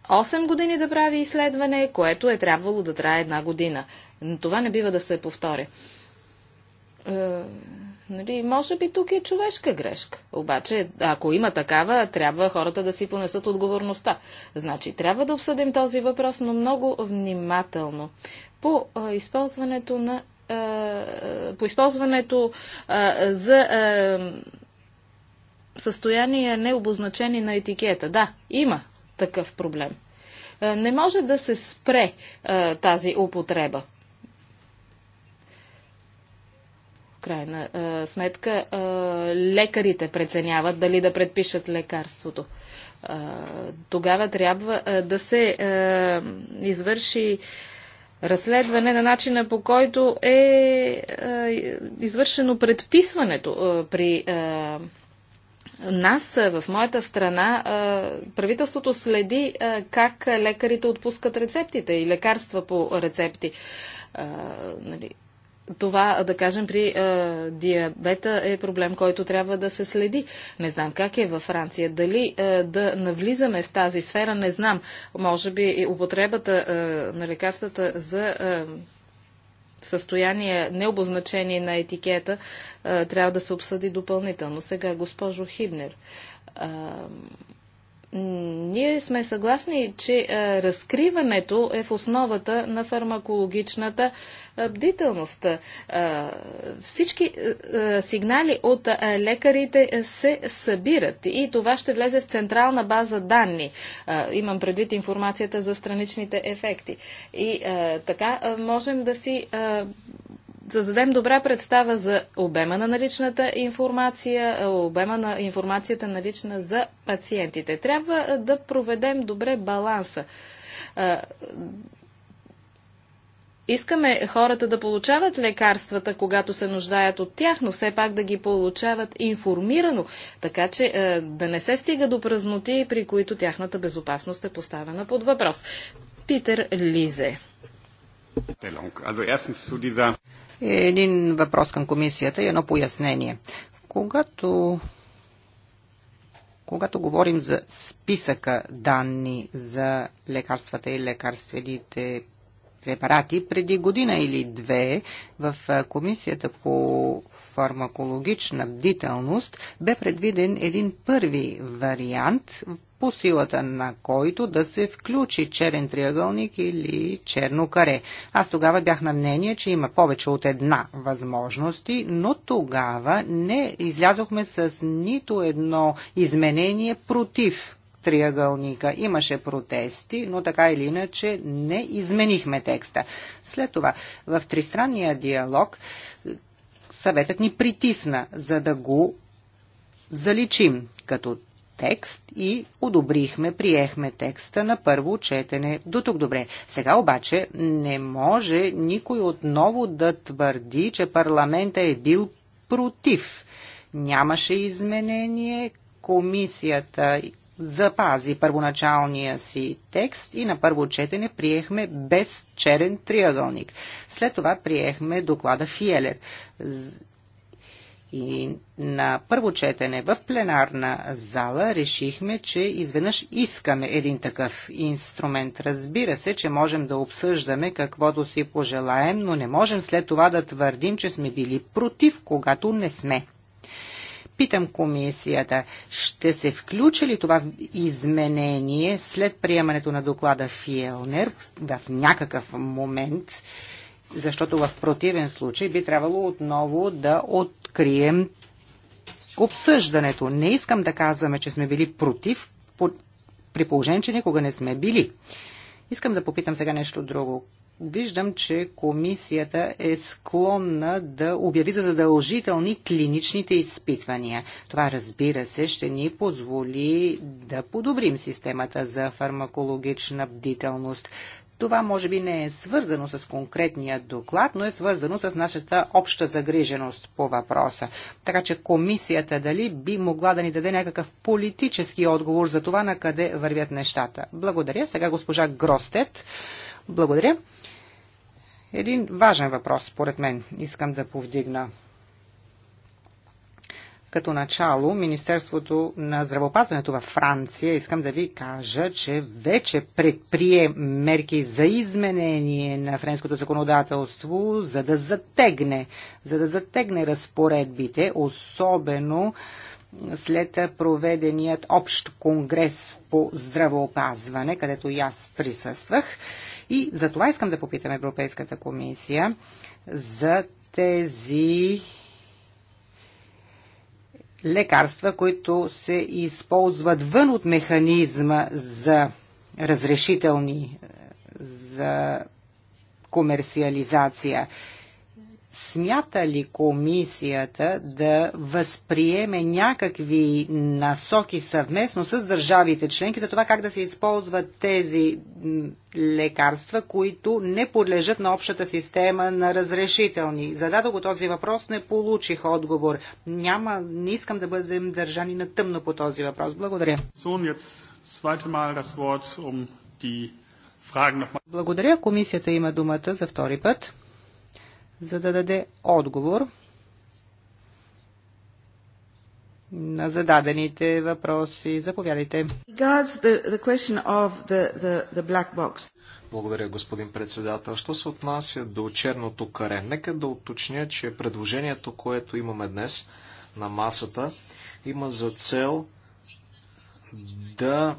8 години да прави изследване, което е трябвало да трае една година. Това не бива да се повтори. Е, нали, може би тук е човешка грешка. Обаче, ако има такава, трябва хората да си понесат отговорността. Значи, трябва да обсъдим този въпрос, но много внимателно. По а, използването на А, по използването за състояние не обозначени на етикета. Да, има такъв проблем. Е, не може да се спре а, е, тази употреба. В крайна а, е, сметка а, лекарите преценяват дали да предпишат лекарството. А, тогава трябва а, да се а, извърши разследване на начина по който е извършено предписването при нас, в моята страна, правителството следи как лекарите отпускат рецептите и лекарства по рецепти. Нали, това, да кажем, при диабета е проблем, който трябва да се следи. Не знам как е във Франция. Дали да навлизаме в тази сфера, не знам. Може би употребата на лекарствата за състояние, необозначение на етикета, трябва да се обсъди допълнително. Сега, госпожо Хибнер, ние сме съгласни, че разкриването е в основата на фармакологичната бдителност. всички сигнали от лекарите се събират и това ще влезе в централна база данни. Имам предвид информацията за страничните ефекти. И така можем да си създадем добра представа за обема на наличната информация, е, обема на информацията налична за пациентите. Трябва е, да проведем добре баланса. Е, искаме хората да получават лекарствата, когато се нуждаят от тях, но все пак да ги получават информирано, така че да не се стига до празноти, при които тяхната безопасност е поставена под въпрос. Питер Лизе. Е, един въпрос към комисията и едно пояснение. Когато когато говорим за списъка данни за лекарствата и лекарствените препарати, преди година или две в Комисията по фармакологична бдителност бе предвиден един първи вариант, по силата на който да се включи черен триъгълник или черно каре. Аз тогава бях на мнение, че има повече от една възможности, но тогава не излязохме с нито едно изменение против триъгълника. Имаше протести, но така или иначе не изменихме текста. След това, в тристранния диалог съветът ни притисна, за да го заличим като текст и одобрихме, приехме текста на първо четене. До тук добре. Сега обаче не може никой отново да твърди, че парламента е бил против. Нямаше изменение, комисията запази първоначалния си текст и на първо четене приехме без черен триъгълник. След това приехме доклада Фиелер. И на първо четене в пленарна зала решихме, че изведнъж искаме един такъв инструмент. Разбира се, че можем да обсъждаме каквото си пожелаем, но не можем след това да твърдим, че сме били против, когато не сме. Питам комисията, ще се включи ли това изменение след приемането на доклада Фиелнер в някакъв момент? защото в противен случай би трябвало отново да от открием обсъждането. Не искам да казваме, че сме били против, при положение, че никога не сме били. Искам да попитам сега нещо друго. Виждам, че комисията е склонна да обяви за задължителни клиничните изпитвания. Това, разбира се, ще ни позволи да подобрим системата за фармакологична бдителност. Това може би не е свързано с конкретния доклад, но е свързано с нашата обща загриженост по въпроса. Така че комисията дали би могла да ни даде някакъв политически отговор за това на къде вървят нещата. Благодаря. Сега госпожа Гростет. Благодаря. Един важен въпрос, според мен, искам да повдигна. Като начало, Министерството на здравопазването във Франция, искам да ви кажа, че вече предприе мерки за изменение на френското законодателство, за да затегне, за да затегне разпоредбите, особено след проведеният общ конгрес по здравоопазване, където и аз присъствах. И за това искам да попитам Европейската комисия за тези лекарства, които се използват вън от механизма за разрешителни за комерциализация. Смята ли комисията да възприеме някакви насоки съвместно с държавите членки за това как да се използват тези лекарства, които не подлежат на общата система на разрешителни? Зададох го този въпрос, не получих отговор. Няма, не искам да бъдем държани на тъмно по този въпрос. Благодаря. Um Благодаря. Комисията има думата за втори път за да даде отговор на зададените въпроси. Заповядайте. Благодаря, господин председател. Що се отнася до черното каре? Нека да уточня, че предложението, което имаме днес на масата, има за цел да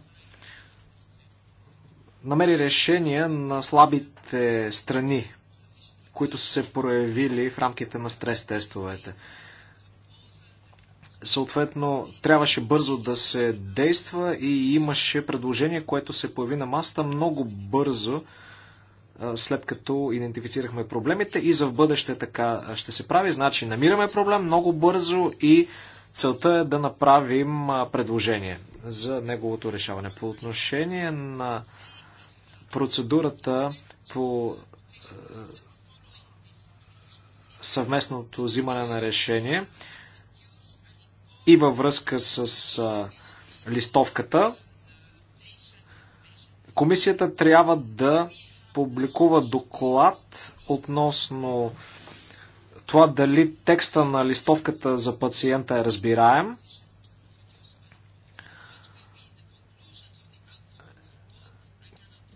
намери решение на слабите страни които са се проявили в рамките на стрес тестовете. Съответно, трябваше бързо да се действа и имаше предложение, което се появи на маста много бързо, след като идентифицирахме проблемите и за в бъдеще така ще се прави. Значи, намираме проблем много бързо и целта е да направим предложение за неговото решаване. По отношение на процедурата по съвместното взимане на решение и във връзка с а, листовката, комисията трябва да публикува доклад относно това дали текста на листовката за пациента е разбираем.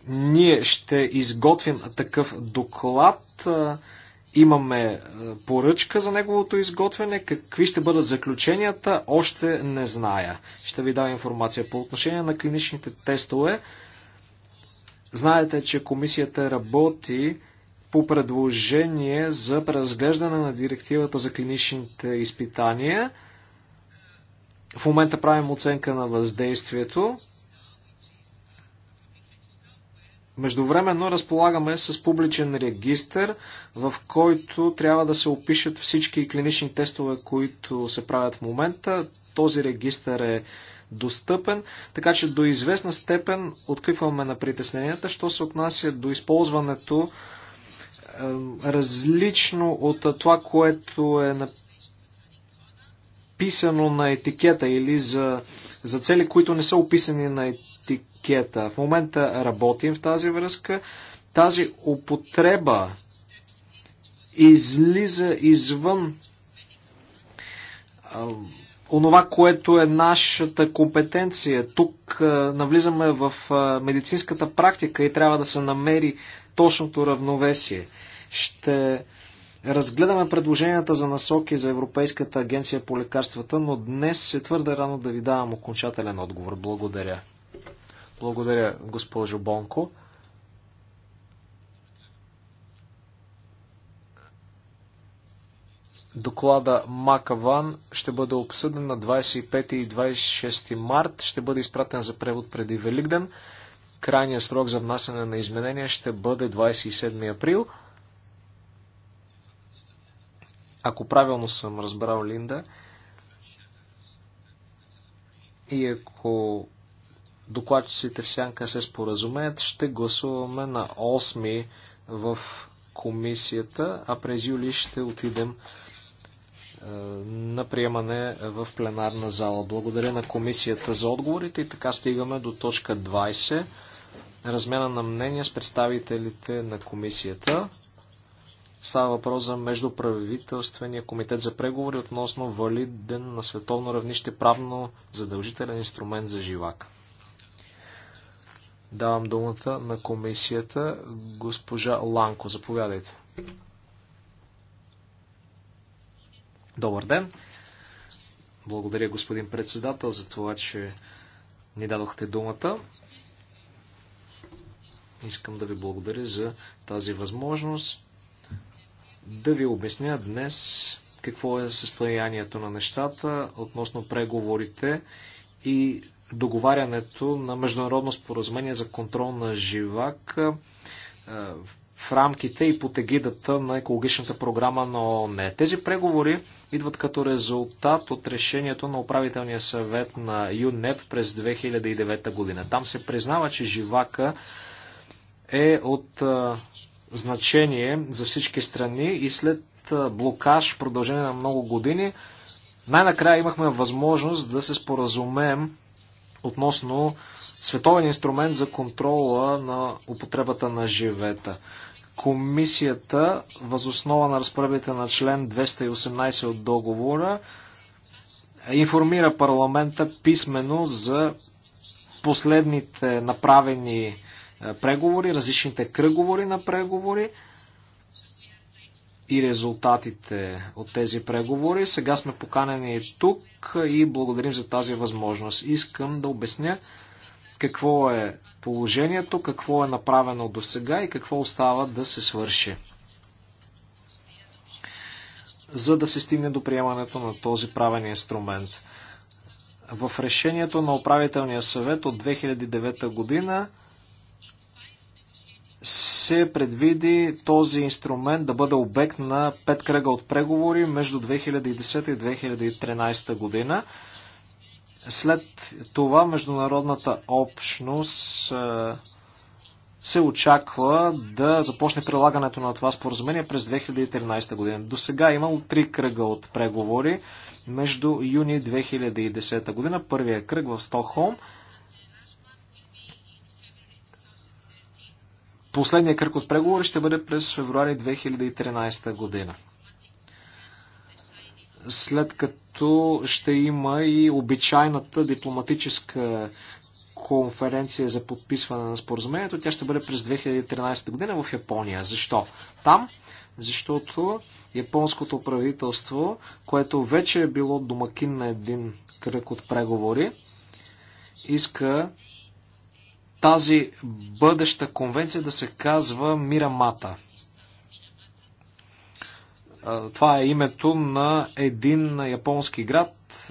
Ние ще изготвим такъв доклад. А, Имаме е, поръчка за неговото изготвяне. Какви ще бъдат заключенията, още не зная. Ще ви дам информация. По отношение на клиничните тестове, знаете, че комисията работи по предложение за преразглеждане на директивата за клиничните изпитания. В момента правим оценка на въздействието. Междувременно разполагаме с публичен регистр, в който трябва да се опишат всички клинични тестове, които се правят в момента. Този регистр е достъпен, така че до известна степен откликваме на притесненията, що се отнася до използването е, различно от това, което е написано на етикета или за, за цели, които не са описани на етикета пакета. В момента работим в тази връзка. Тази употреба излиза извън онова, което е нашата компетенция. Тук а, навлизаме в а, медицинската практика и трябва да се намери точното равновесие. Ще разгледаме предложенията за насоки за Европейската агенция по лекарствата, но днес е твърде рано да ви давам окончателен отговор. Благодаря. Благодаря, госпожо Бонко. Доклада Макаван ще бъде обсъден на 25 и 26 март. Ще бъде изпратен за превод преди Великден. Крайният срок за внасяне на изменения ще бъде 27 април. Ако правилно съм разбрал Линда и ако докладчиците в сянка се споразумеят, ще гласуваме на 8 в комисията, а през юли ще отидем е, на приемане в пленарна зала. Благодаря на комисията за отговорите и така стигаме до точка 20. Размяна на мнения с представителите на комисията. Става въпрос за Междуправителствения комитет за преговори относно валиден на световно равнище правно задължителен инструмент за живак. Давам думата на комисията госпожа Ланко. Заповядайте. Добър ден. Благодаря, господин председател, за това, че ни дадохте думата. Искам да ви благодаря за тази възможност да ви обясня днес какво е състоянието на нещата относно преговорите и договарянето на международно споразумение за контрол на живак в рамките и под егидата на екологичната програма на ООН. Тези преговори идват като резултат от решението на управителния съвет на ЮНЕП през 2009 година. Там се признава, че живака е от значение за всички страни и след блокаж в продължение на много години най-накрая имахме възможност да се споразумеем относно световен инструмент за контрола на употребата на живета. Комисията, възоснова на разправите на член 218 от договора, информира парламента писменно за последните направени е, преговори, различните кръговори на преговори и резултатите от тези преговори. Сега сме поканени тук и благодарим за тази възможност. Искам да обясня какво е положението, какво е направено до сега и какво остава да се свърши. За да се стигне до приемането на този правен инструмент. В решението на управителния съвет от 2009 година се предвиди този инструмент да бъде обект на пет кръга от преговори между 2010 и 2013 година. След това международната общност се очаква да започне прилагането на това споразумение през 2013 година. До сега е имало три кръга от преговори между юни 2010 година, първия кръг в Стокхолм – Последният кръг от преговори ще бъде през февруари 2013 година. След като ще има и обичайната дипломатическа конференция за подписване на споразумението, тя ще бъде през 2013 година в Япония. Защо? Там? Защото японското правителство, което вече е било домакин на един кръг от преговори, иска тази бъдеща конвенция да се казва Мирамата. Това е името на един японски град,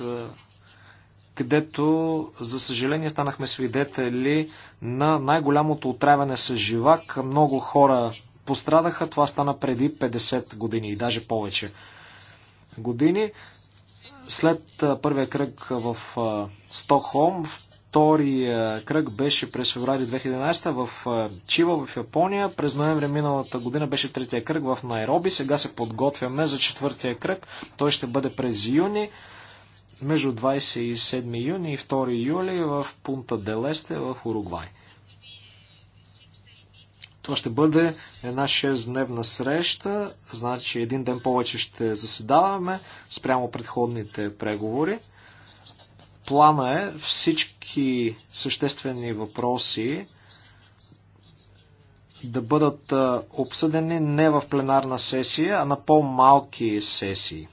където, за съжаление, станахме свидетели на най-голямото отравяне с живак. Много хора пострадаха. Това стана преди 50 години и даже повече години. След първия кръг в Стокхолм, втория кръг беше през феврари 2011 в Чива, в Япония. През ноември миналата година беше третия кръг в Найроби. Сега се подготвяме за четвъртия кръг. Той ще бъде през юни, между 27 юни и 2 юли в Пунта Делесте в Уругвай. Това ще бъде една 6-дневна среща, значи един ден повече ще заседаваме спрямо предходните преговори. Плана е всички съществени въпроси да бъдат обсъдени не в пленарна сесия, а на по-малки сесии,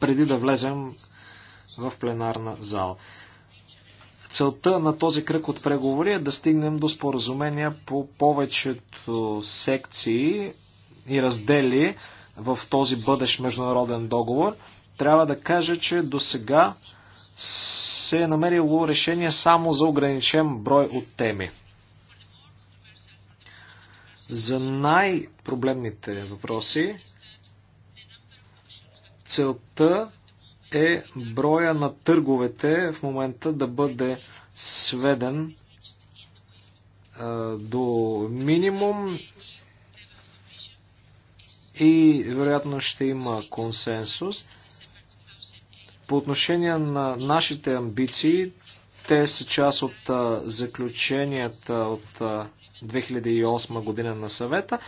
преди да влезем в пленарна зала. Целта на този кръг от преговори е да стигнем до споразумения по повечето секции и раздели в този бъдещ международен договор. Трябва да кажа, че до сега се е намерило решение само за ограничен брой от теми. За най-проблемните въпроси целта е броя на търговете в момента да бъде сведен а, до минимум и вероятно ще има консенсус. По отношение на нашите амбиции, те са част от а, заключенията от а, 2008 година на съвета.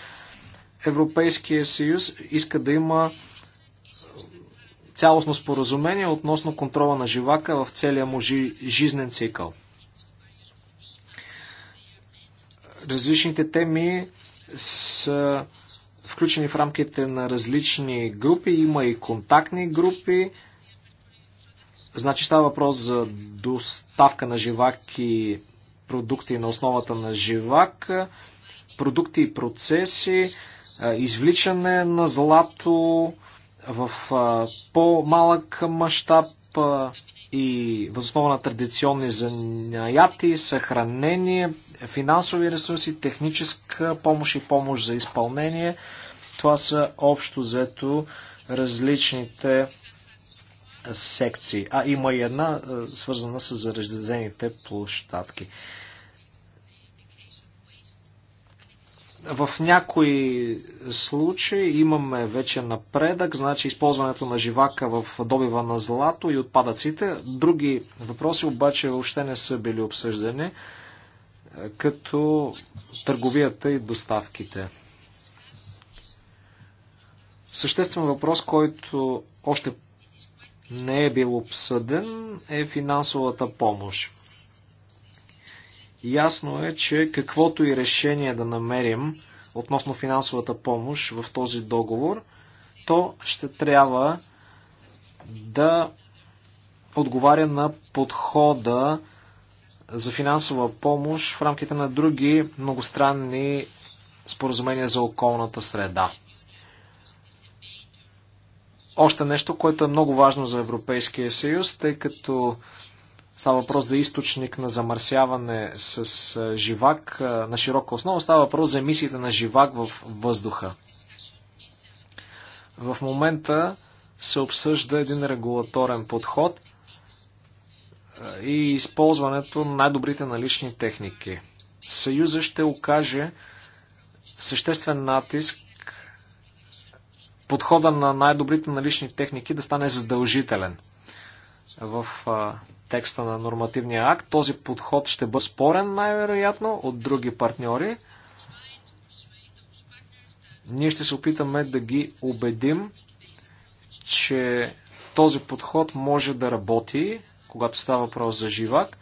Европейския съюз иска да има цялостно споразумение относно контрола на живака в целия му жи, жизнен цикъл. Различните теми са включени в рамките на различни групи. Има и контактни групи, Значи става въпрос за доставка на живак и продукти на основата на живак, продукти и процеси, извличане на злато в по-малък мащаб и възоснова на традиционни занаяти, съхранение, финансови ресурси, техническа помощ и помощ за изпълнение. Това са общо взето различните секции. А, има и една е, свързана с зареждените площадки. В някои случаи имаме вече напредък, значи използването на живака в добива на злато и отпадъците. Други въпроси обаче въобще не са били обсъждани, е, като търговията и доставките. Съществен въпрос, който още не е бил обсъден, е финансовата помощ. Ясно е, че каквото и решение да намерим относно финансовата помощ в този договор, то ще трябва да отговаря на подхода за финансова помощ в рамките на други многостранни споразумения за околната среда още нещо, което е много важно за Европейския съюз, тъй като става въпрос за източник на замърсяване с живак на широка основа, става въпрос за емисиите на живак в въздуха. В момента се обсъжда един регулаторен подход и използването на най-добрите налични техники. Съюза ще окаже съществен натиск подхода на най-добрите налични техники да стане задължителен в текста на нормативния акт. Този подход ще бъде спорен най-вероятно от други партньори. Ние ще се опитаме да ги убедим, че този подход може да работи, когато става въпрос за живак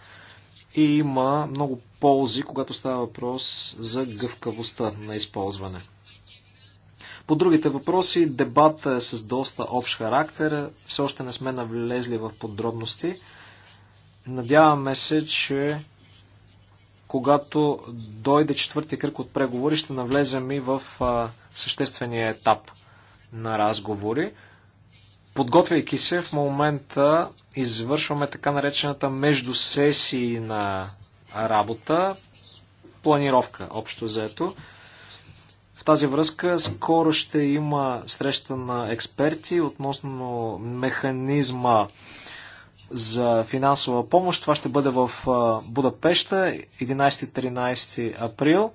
и има много ползи, когато става въпрос за гъвкавостта на използване. По другите въпроси дебата е с доста общ характер. Все още не сме навлезли в подробности. Надяваме се, че когато дойде четвърти кръг от преговори, ще навлезем и в съществения етап на разговори. Подготвяйки се, в момента извършваме така наречената междусесийна работа, планировка, общо заето. В тази връзка скоро ще има среща на експерти относно механизма за финансова помощ. Това ще бъде в Будапешта 11-13 април.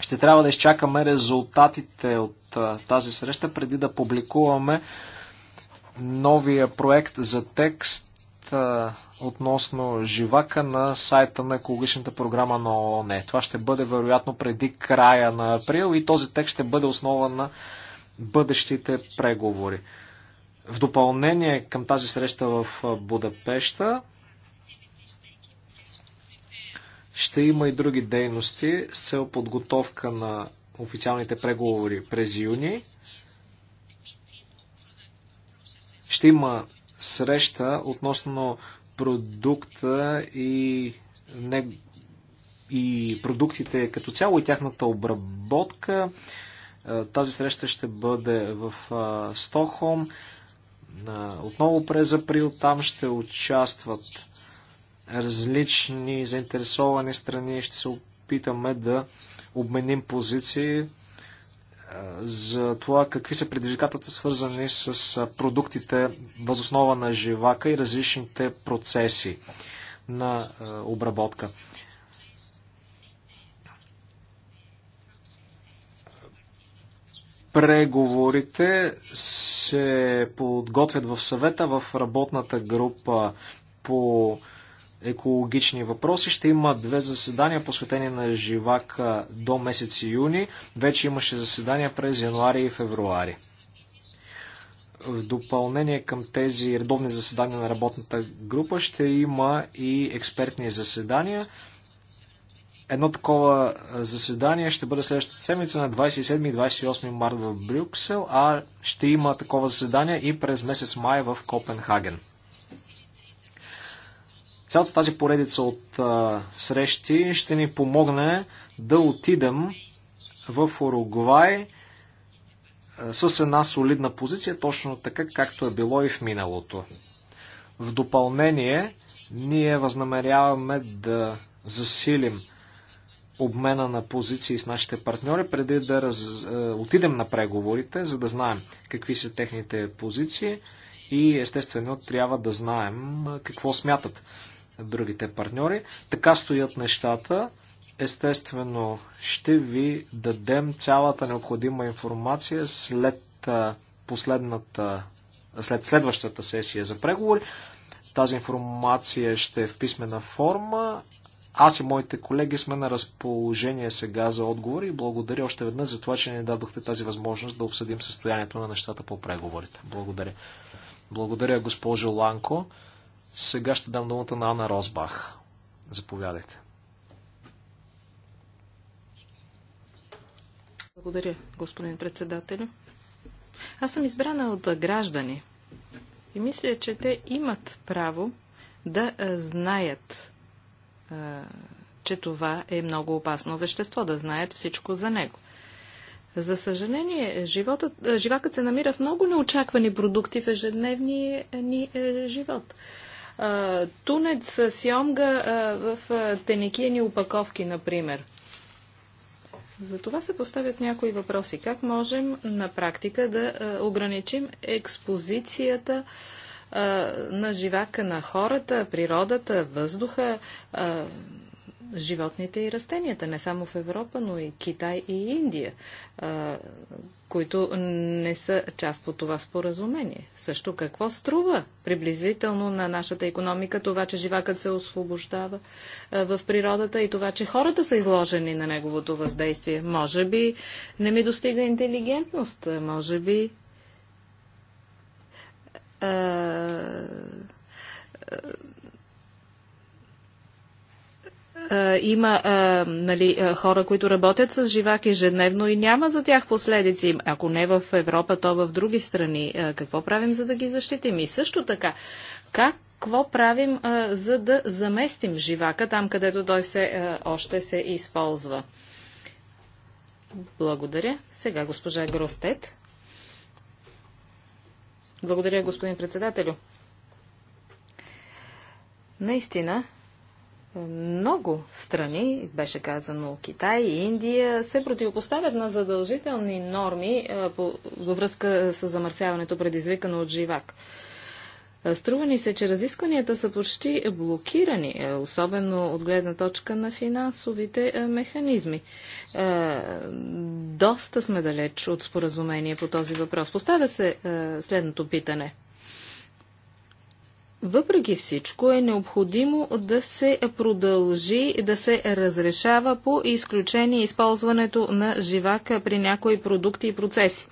Ще трябва да изчакаме резултатите от тази среща преди да публикуваме новия проект за текст относно живака на сайта на екологичната програма на ООН. Това ще бъде вероятно преди края на април и този текст ще бъде основа на бъдещите преговори. В допълнение към тази среща в Будапешта ще има и други дейности с цел подготовка на официалните преговори през юни. Ще има среща относно продукта и, не, и продуктите като цяло и тяхната обработка. Е, тази среща ще бъде в е, Стохолм. Е, отново през април там ще участват различни заинтересовани страни. Ще се опитаме да обменим позиции за това какви са предизвикателства свързани с продуктите възоснова на живака и различните процеси на обработка. Преговорите се подготвят в съвета в работната група по екологични въпроси. Ще има две заседания, посветени на живак до месец юни. Вече имаше заседания през януари и февруари. В допълнение към тези редовни заседания на работната група ще има и експертни заседания. Едно такова заседание ще бъде следващата седмица на 27 и 28 март в Брюксел, а ще има такова заседание и през месец май в Копенхаген. Цялата тази поредица от а, срещи ще ни помогне да отидем в Уругвай а, с една солидна позиция, точно така, както е било и в миналото. В допълнение, ние възнамеряваме да засилим обмена на позиции с нашите партньори, преди да раз... отидем на преговорите, за да знаем какви са техните позиции и естествено трябва да знаем какво смятат другите партньори. Така стоят нещата. Естествено, ще ви дадем цялата необходима информация след последната, след следващата сесия за преговори. Тази информация ще е в писмена форма. Аз и моите колеги сме на разположение сега за отговори и благодаря още веднъж за това, че ни дадохте тази възможност да обсъдим състоянието на нещата по преговорите. Благодаря. Благодаря, госпожо Ланко. Сега ще дам думата на Анна Розбах. Заповядайте. Благодаря, господин председател. Аз съм избрана от граждани и мисля, че те имат право да знаят, че това е много опасно вещество, да знаят всичко за него. За съжаление, живота, живакът се намира в много неочаквани продукти в ежедневния ни живот. Тунец, сьомга в теникияни упаковки, например. За това се поставят някои въпроси. Как можем на практика да ограничим експозицията на живака на хората, природата, въздуха, животните и растенията, не само в Европа, но и Китай и Индия, които не са част от това споразумение. Също какво струва приблизително на нашата економика това, че живакът се освобождава в природата и това, че хората са изложени на неговото въздействие? Може би не ми достига интелигентност, може би. А, е, има а, е, нали, а, е, хора, които работят с живак ежедневно и няма за тях последици. Ако не в Европа, то в други страни. А, какво правим, за да ги защитим? И също така, как какво правим, а, за да заместим живака там, където той се, а, още се използва? Благодаря. Сега госпожа Гростет. Благодаря, господин председателю. Наистина, много страни, беше казано Китай и Индия, се противопоставят на задължителни норми по, във връзка с замърсяването, предизвикано от живак. Струва ни се, че разискванията са почти блокирани, особено от гледна точка на финансовите механизми. Доста сме далеч от споразумение по този въпрос. Поставя се следното питане – въпреки всичко е необходимо да се продължи да се разрешава по изключение използването на живака при някои продукти и процеси.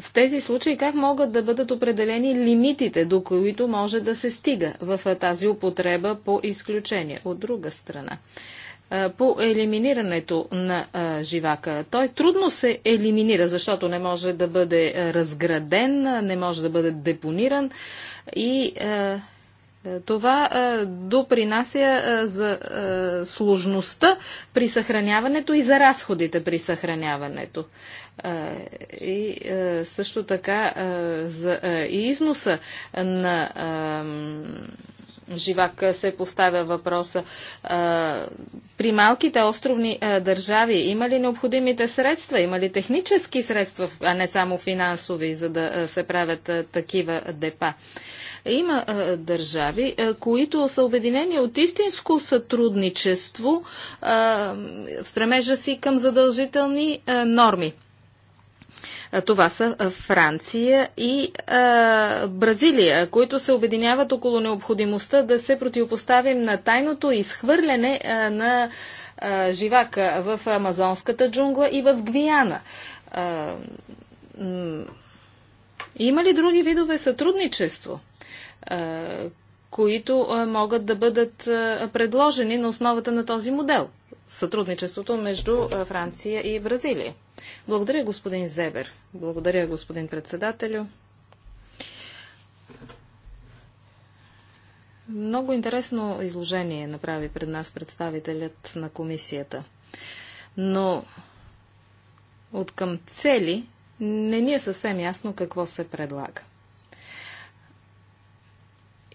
В тези случаи как могат да бъдат определени лимитите, до които може да се стига в тази употреба по изключение? От друга страна, по елиминирането на живака. Той трудно се елиминира, защото не може да бъде разграден, не може да бъде депониран и е, това е, допринася е, за сложността при съхраняването и за разходите при съхраняването. И също така за износа на живак се поставя въпроса. При малките островни държави има ли необходимите средства, има ли технически средства, а не само финансови, за да се правят такива депа? Има държави, които са обединени от истинско сътрудничество в стремежа си към задължителни норми. Това са Франция и а, Бразилия, които се обединяват около необходимостта да се противопоставим на тайното изхвърляне а, на а, живака в амазонската джунгла и в Гвиана. А, има ли други видове сътрудничество, а, които а, могат да бъдат а, предложени на основата на този модел? Сътрудничеството между Франция и Бразилия. Благодаря, господин Зебер. Благодаря, господин председателю. Много интересно изложение направи пред нас представителят на комисията. Но от към цели не ни е съвсем ясно какво се предлага.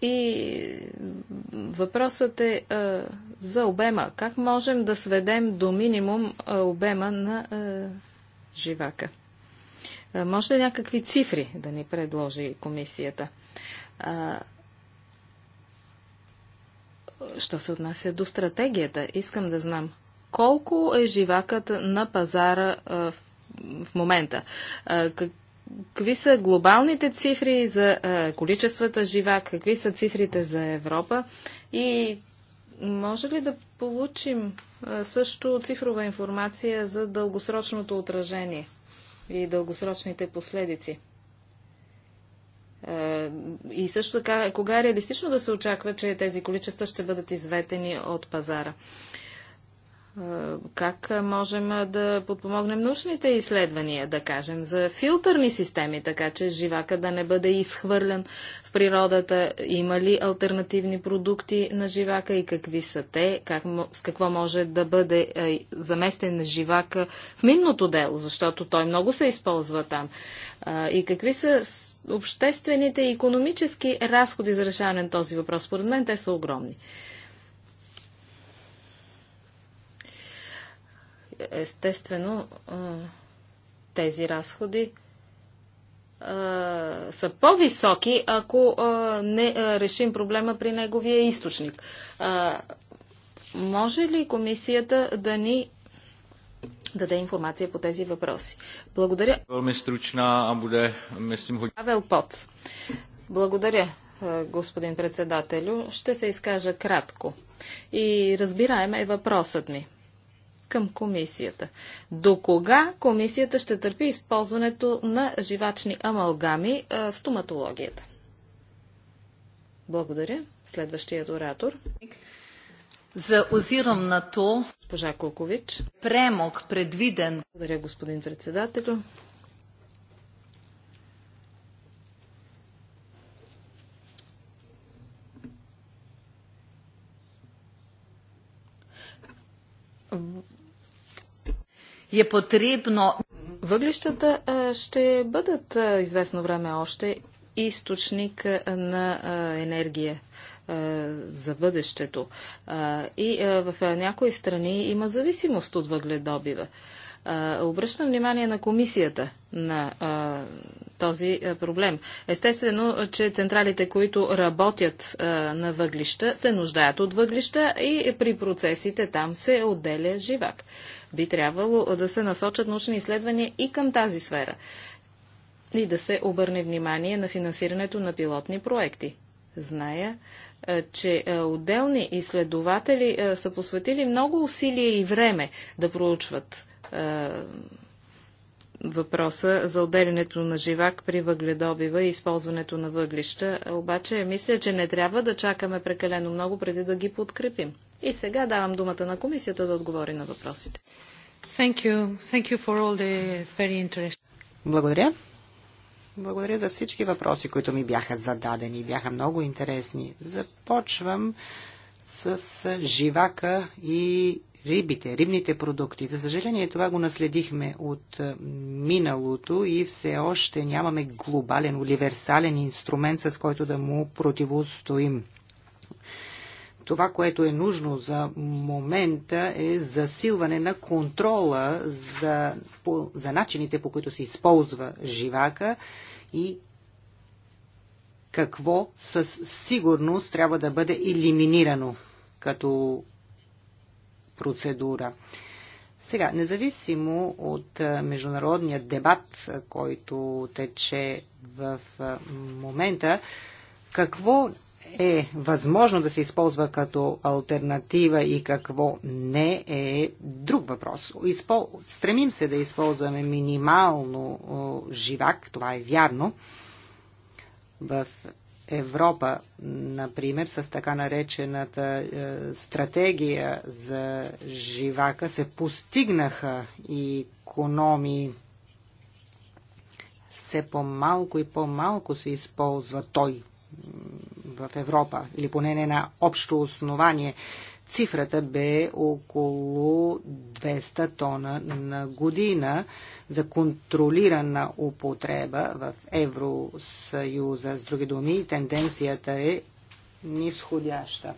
И въпросът е а, за обема. Как можем да сведем до минимум а, обема на а, живака. Може ли някакви цифри да ни предложи комисията? Що се отнася до стратегията, искам да знам колко е живакът на пазара в момента. Какви са глобалните цифри за количествата живак, какви са цифрите за Европа и може ли да получим също цифрова информация за дългосрочното отражение и дългосрочните последици? И също така, кога е реалистично да се очаква, че тези количества ще бъдат изветени от пазара? Е, как можем да подпомогнем научните изследвания, да кажем, за филтърни системи, така че живака да не бъде изхвърлен в природата? Има ли альтернативни продукти на живака и какви са те? Как, с какво може да бъде заместен живака в минното дело, защото той много се използва там? И какви са обществените и економически разходи за решаване на този въпрос? Според мен те са огромни. Естествено, тези разходи са по-високи, ако не решим проблема при неговия източник. Може ли комисията да ни даде информация по тези въпроси? Благодаря. Велми стручна, а буде, мислим, Павел Поц. Благодаря, господин председателю. Ще се изкажа кратко. И разбираем е въпросът ми към комисията. До кога комисията ще търпи използването на живачни амалгами в стоматологията? Благодаря. Следващият оратор. За озирам на то, госпожа Кукович, премок предвиден. Благодаря, господин председател е потребно. Въглищата ще бъдат известно време още източник на енергия за бъдещето. И в някои страни има зависимост от въгледобива. Обръщам внимание на комисията на този проблем. Естествено, че централите, които работят а, на въглища, се нуждаят от въглища и при процесите там се отделя живак. Би трябвало да се насочат научни изследвания и към тази сфера и да се обърне внимание на финансирането на пилотни проекти. Зная, че отделни изследователи са посветили много усилия и време да проучват е, въпроса за отделянето на живак при въгледобива и използването на въглища. Обаче, мисля, че не трябва да чакаме прекалено много преди да ги подкрепим. И сега давам думата на комисията да отговори на въпросите. Thank you. Thank you for all the very Благодаря. Благодаря за всички въпроси, които ми бяха зададени. Бяха много интересни. Започвам с живака и рибите, рибните продукти. За съжаление, това го наследихме от е, миналото и все още нямаме глобален, универсален инструмент, с който да му противостоим. Това, което е нужно за момента е засилване на контрола за, по, за начините, по които се използва живака и какво със сигурност трябва да бъде елиминирано като процедура. Сега, независимо от международния дебат, който тече в момента, какво е възможно да се използва като альтернатива и какво не е друг въпрос. Испол... Стремим се да използваме минимално живак, това е вярно, в Европа, например, с така наречената е, стратегия за живака се постигнаха и економии. Все по-малко и по-малко се използва той в Европа, или поне не на общо основание. Цифрата бе около 200 тона на година за контролирана употреба в Евросъюза. С други думи, тенденцията е нисходяща.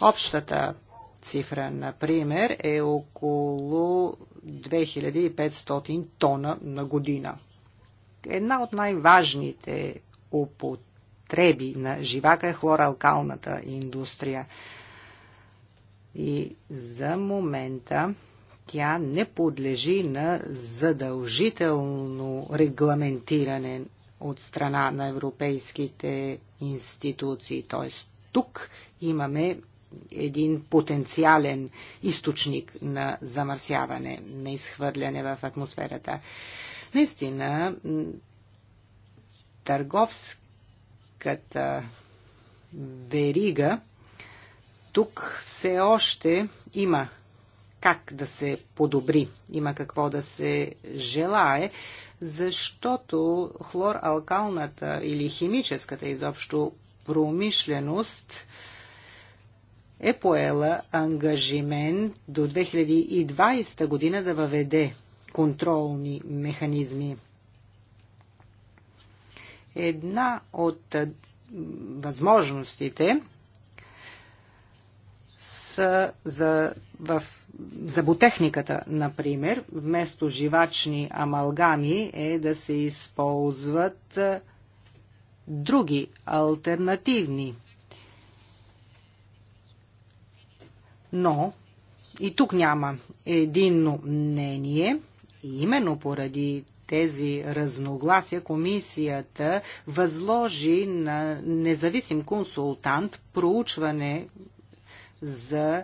Общата цифра, например, е около 2500 тона на година. Една от най-важните употреби на живака е хлоралкалната индустрия. И за момента тя не подлежи на задължително регламентиране от страна на европейските институции. Т.е. тук имаме един потенциален източник на замърсяване, на изхвърляне в атмосферата. Наистина, търговската верига тук все още има как да се подобри, има какво да се желае, защото хлоралкалната или химическата изобщо промишленост е поела ангажимент до 2020 година да въведе контролни механизми. Една от възможностите са за, в заботехниката, например, вместо живачни амалгами е да се използват е, други альтернативни. Но и тук няма единно мнение, и именно поради тези разногласия комисията възложи на независим консултант проучване за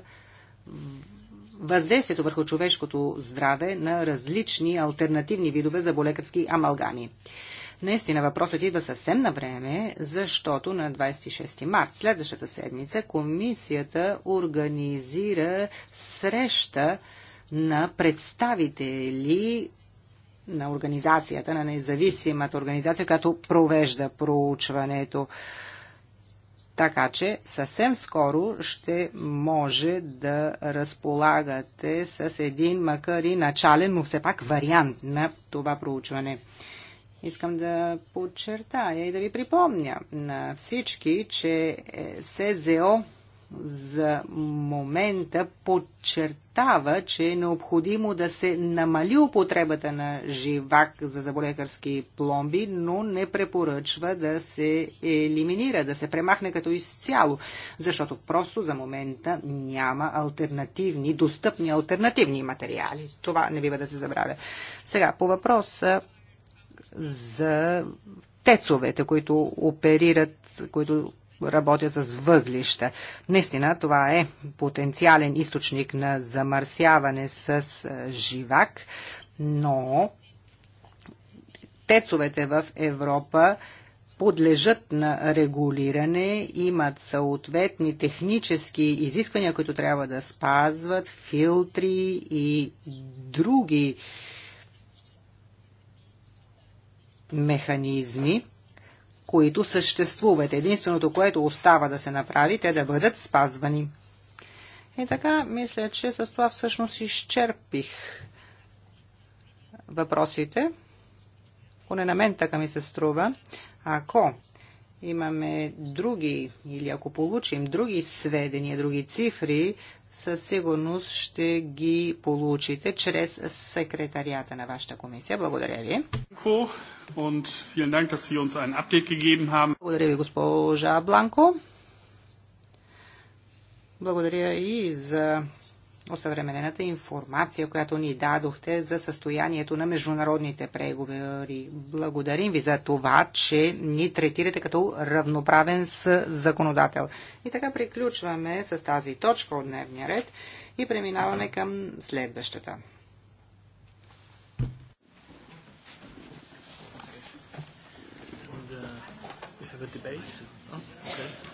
въздействието върху човешкото здраве на различни альтернативни видове за болекарски амалгами. Наистина въпросът идва съвсем на време, защото на 26 март, следващата седмица, комисията организира среща на представители на организацията, на независимата организация, която провежда проучването. Така че съвсем скоро ще може да разполагате с един, макар и начален, но все пак вариант на това проучване. Искам да подчертая и да ви припомня на всички, че е СЗО за момента подчертава, че е необходимо да се намали употребата на живак за заболекарски пломби, но не препоръчва да се елиминира, да се премахне като изцяло, защото просто за момента няма альтернативни, достъпни альтернативни материали. Това не бива да се забравя. Сега, по въпроса за тецовете, които оперират, които работят с въглища. Наистина това е потенциален източник на замърсяване с е, живак, но тецовете в Европа подлежат на регулиране, имат съответни технически изисквания, които трябва да спазват, филтри и други механизми които съществуват. Единственото, което остава да се направи, те да бъдат спазвани. И така, мисля, че с това всъщност изчерпих въпросите. Поне на мен така ми се струва. Ако имаме други, или ако получим други сведения, други цифри, със сигурност ще ги получите чрез секретарията на вашата комисия. Благодаря ви. Благодаря ви, госпожа Бланко. Благодаря и за осъвременената информация, която ни дадохте за състоянието на международните преговори. Благодарим ви за това, че ни третирате като равноправен с законодател. И така приключваме с тази точка от дневния ред и преминаваме към следващата. debate. Oh, okay.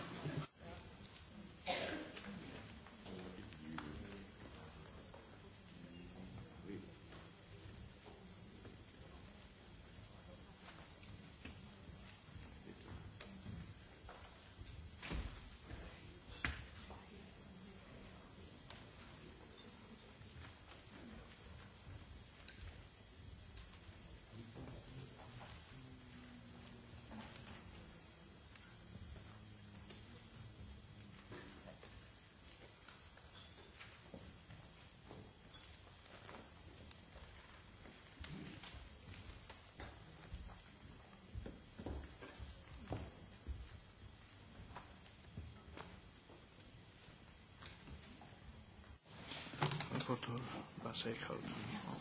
fotót, beszélhet. Oké.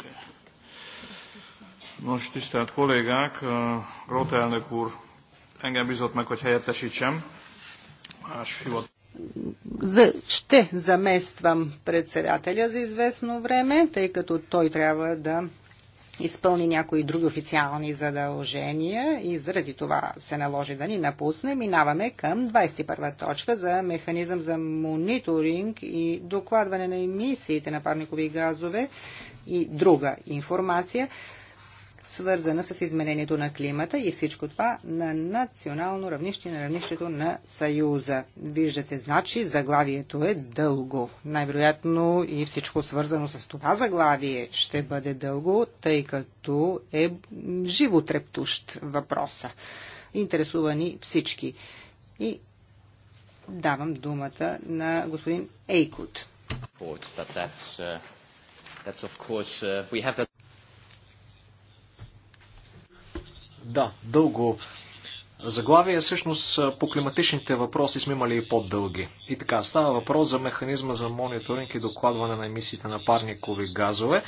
Okay. Nos, tisztelt kollégák, Gróta elnök úr engem bizott meg, hogy helyettesítsem. Más hivat... За, ще замествам председателя за известно време, тъй като той трябва да изпълни някои други официални задължения и заради това се наложи да ни напусне. Минаваме към 21 точка за механизъм за мониторинг и докладване на емисиите на парникови газове и друга информация свързана с изменението на климата и всичко това на национално равнище, на равнището на Съюза. Виждате, значи заглавието е дълго. Най-вероятно и всичко свързано с това заглавие ще бъде дълго, тъй като е животрептущ въпроса. Интересувани всички. И давам думата на господин Ейкут. But that's, uh, that's of course, uh, we have that Да, дълго заглавие. Е всъщност по климатичните въпроси сме имали и по-дълги. И така, става въпрос за механизма за мониторинг и докладване на емисиите на парникови газове.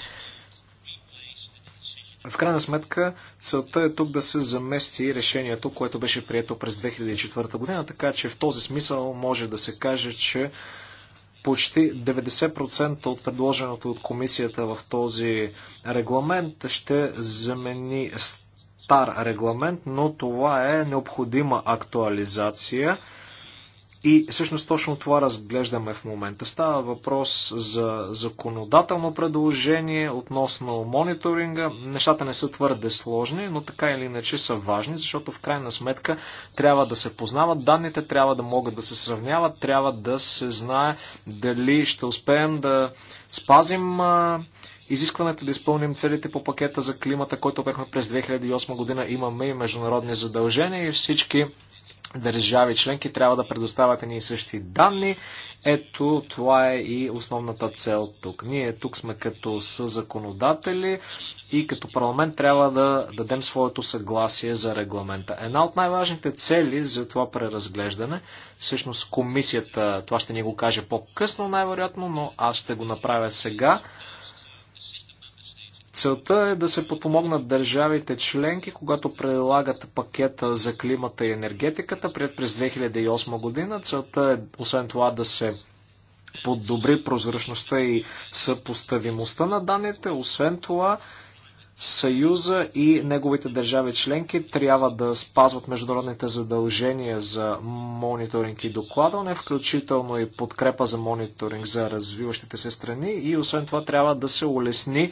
В крайна сметка, целта е тук да се замести решението, което беше прието през 2004 година, така че в този смисъл може да се каже, че почти 90% от предложеното от комисията в този регламент ще замени стар регламент, но това е необходима актуализация. И всъщност точно това разглеждаме в момента. Става въпрос за законодателно предложение относно мониторинга. Нещата не са твърде сложни, но така или иначе са важни, защото в крайна сметка трябва да се познават данните, трябва да могат да се сравняват, трябва да се знае дали ще успеем да спазим изискването да изпълним целите по пакета за климата, който бяхме през 2008 година, имаме и международни задължения и всички държави членки трябва да предоставят едни същи данни. Ето, това е и основната цел тук. Ние тук сме като законодатели и като парламент трябва да дадем своето съгласие за регламента. Една от най-важните цели за това преразглеждане, всъщност комисията, това ще ни го каже по-късно най-вероятно, но аз ще го направя сега, Целта е да се подпомогнат държавите членки, когато прилагат пакета за климата и енергетиката, прият през 2008 година. Целта е, освен това, да се подобри прозрачността и съпоставимостта на данните. Освен това, Съюза и неговите държави членки трябва да спазват международните задължения за мониторинг и докладване, включително и подкрепа за мониторинг за развиващите се страни и освен това трябва да се улесни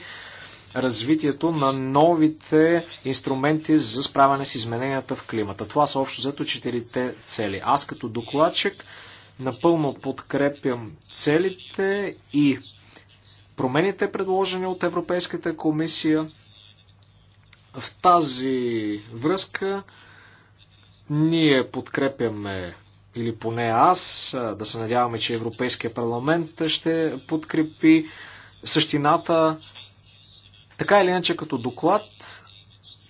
развитието на новите инструменти за справяне с измененията в климата. Това са общо взето четирите цели. Аз като докладчик напълно подкрепям целите и промените, предложени от Европейската комисия. В тази връзка ние подкрепяме или поне аз, да се надяваме, че Европейския парламент ще подкрепи същината така или иначе, като доклад,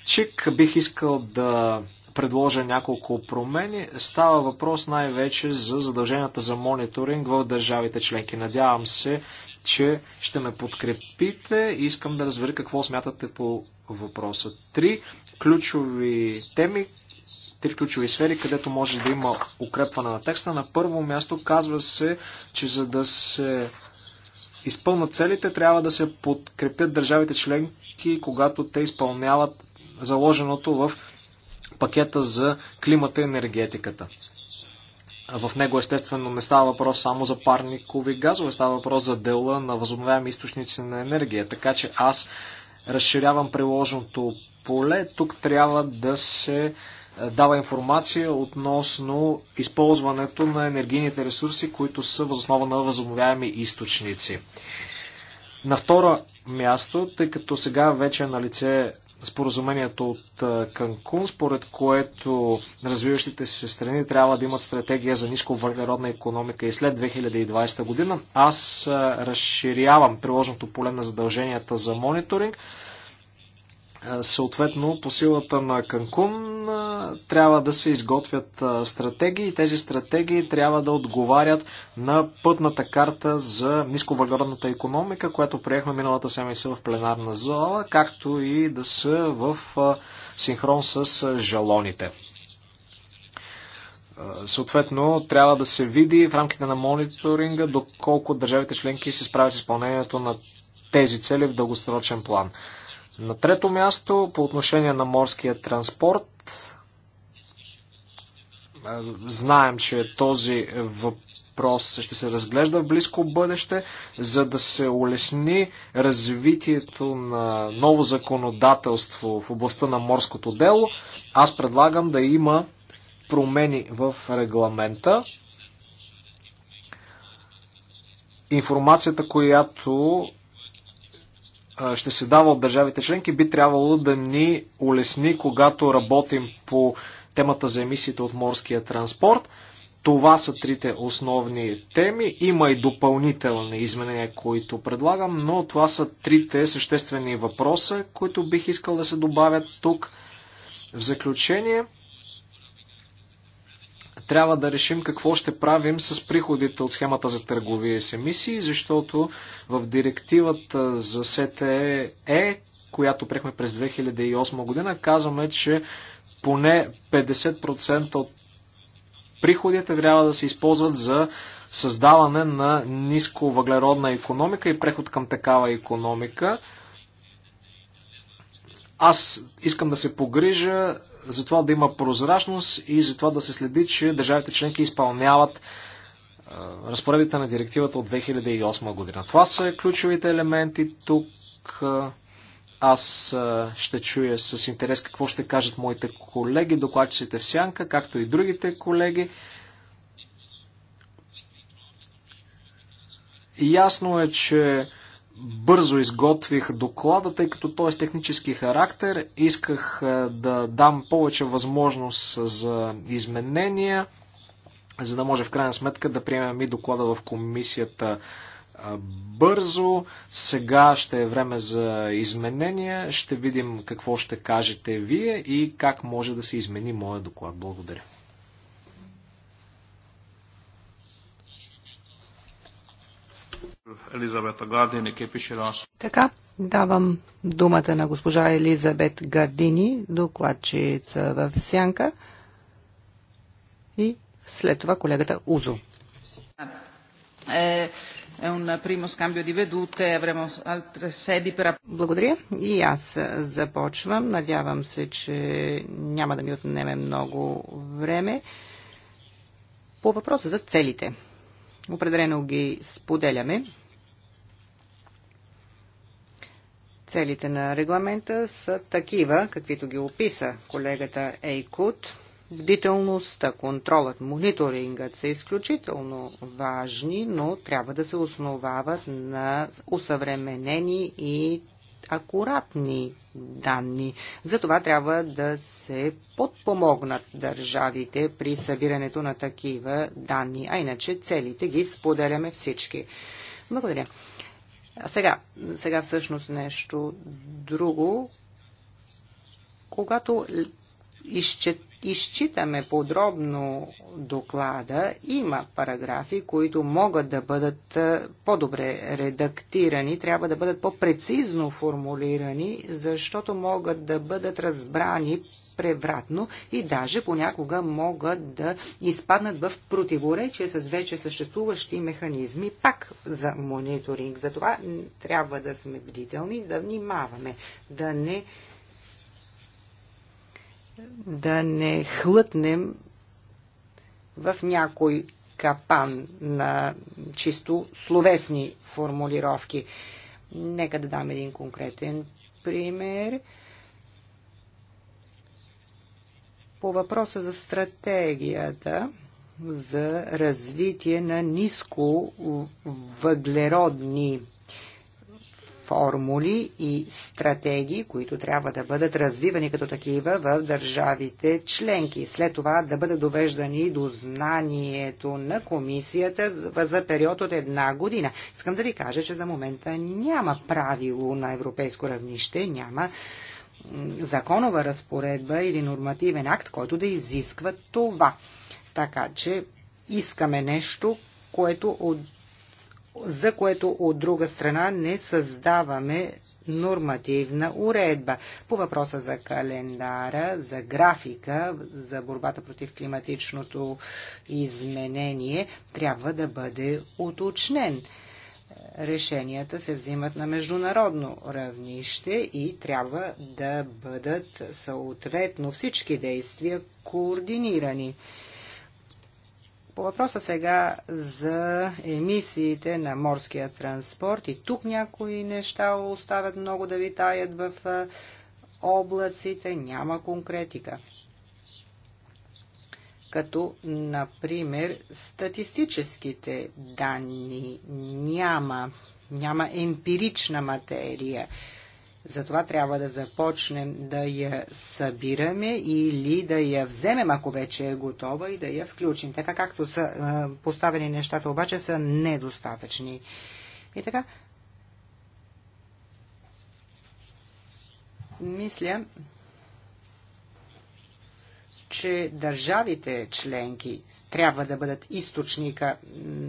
чик бих искал да предложа няколко промени. Става въпрос най-вече за задълженията за мониторинг в държавите членки. Надявам се, че ще ме подкрепите и искам да разбера какво смятате по въпроса. Три ключови теми, три ключови сфери, където може да има укрепване на текста. На първо място казва се, че за да се изпълнат целите, трябва да се подкрепят държавите членки, когато те изпълняват заложеното в пакета за климата и енергетиката. В него естествено не става въпрос само за парникови газове, става въпрос за дела на възобновяеми източници на енергия. Така че аз разширявам приложеното поле. Тук трябва да се е, дава информация относно използването на енергийните ресурси, които са възоснова на възобновяеми източници. На второ място, тъй като сега вече е на лице споразумението от е, Канкун, според което развиващите се страни трябва да имат стратегия за ниско въглеродна економика и след 2020 година, аз е, разширявам приложното поле на задълженията за мониторинг е, съответно, по силата на Канкун е, трябва да се изготвят е, стратегии и тези стратегии трябва да отговарят на пътната карта за нисковъглеродната економика, която приехме миналата седмица в пленарна зала, както и да са в синхрон с жалоните. Съответно, трябва да се види в рамките на мониторинга доколко държавите членки се справят с изпълнението на тези цели в дългосрочен план. На трето място, по отношение на морския транспорт, знаем, че този въпрос ще се разглежда в близко бъдеще, за да се улесни развитието на ново законодателство в областта на морското дело. Аз предлагам да има промени в регламента. Информацията, която ще се дава от държавите членки, би трябвало да ни улесни, когато работим по темата за емисиите от морския транспорт. Това са трите основни теми. Има и допълнителни изменения, които предлагам, но това са трите съществени въпроса, които бих искал да се добавят тук. В заключение, трябва да решим какво ще правим с приходите от схемата за търговия с емисии, защото в директивата за СТЕ, която приехме през 2008 година, казваме, че поне 50% от приходите трябва да се използват за създаване на ниско въглеродна економика и преход към такава економика. Аз искам да се погрижа за това да има прозрачност и за това да се следи, че държавите членки изпълняват разпоредите на директивата от 2008 година. Това са ключовите елементи. Тук аз ще чуя с интерес какво ще кажат моите колеги, докладчиците в Сянка, както и другите колеги. Ясно е, че бързо изготвих доклада, тъй като той е с технически характер. Исках е, да дам повече възможност за изменения, за да може в крайна сметка да приемем и доклада в комисията е, бързо. Сега ще е време за изменения. Ще видим какво ще кажете вие и как може да се измени моя доклад. Благодаря. Елизабета Гардини, Кепишерас. Така, давам думата на госпожа Елизабет Гардини, докладчица в Сянка и след това колегата Узо. Е, е Благодаря. И аз започвам. Надявам се, че няма да ми отнеме много време. По въпроса за целите. Определено ги споделяме. Целите на регламента са такива, каквито ги описа колегата Ейкут. Бдителността, контролът, мониторингът са изключително важни, но трябва да се основават на усъвременени и акуратни данни. Затова трябва да се подпомогнат държавите при събирането на такива данни, а иначе целите ги споделяме всички. Благодаря. А сега, сега всъщност нещо друго. Когато изчет изчитаме подробно доклада, има параграфи, които могат да бъдат е, по-добре редактирани, трябва да бъдат по-прецизно формулирани, защото могат да бъдат разбрани превратно и даже понякога могат да изпаднат в противоречие с вече съществуващи механизми пак за мониторинг. Затова трябва да сме бдителни, да внимаваме, да не да не хлътнем в някой капан на чисто словесни формулировки. Нека да дам един конкретен пример. По въпроса за стратегията за развитие на ниско въглеродни формули и стратегии, които трябва да бъдат развивани като такива в държавите членки. След това да бъдат довеждани до знанието на комисията за период от една година. Искам да ви кажа, че за момента няма правило на европейско равнище, няма законова разпоредба или нормативен акт, който да изисква това. Така че искаме нещо, което от за което от друга страна не създаваме нормативна уредба. По въпроса за календара, за графика, за борбата против климатичното изменение, трябва да бъде уточнен. Решенията се взимат на международно равнище и трябва да бъдат съответно всички действия координирани. По въпроса сега за емисиите на морския транспорт и тук някои неща оставят много да витаят в облаците, няма конкретика. Като, например, статистическите данни няма, няма емпирична материя. Затова трябва да започнем да я събираме или да я вземем, ако вече е готова и да я включим. Така както са поставени нещата, обаче са недостатъчни. И така, мисля, че държавите членки трябва да бъдат източника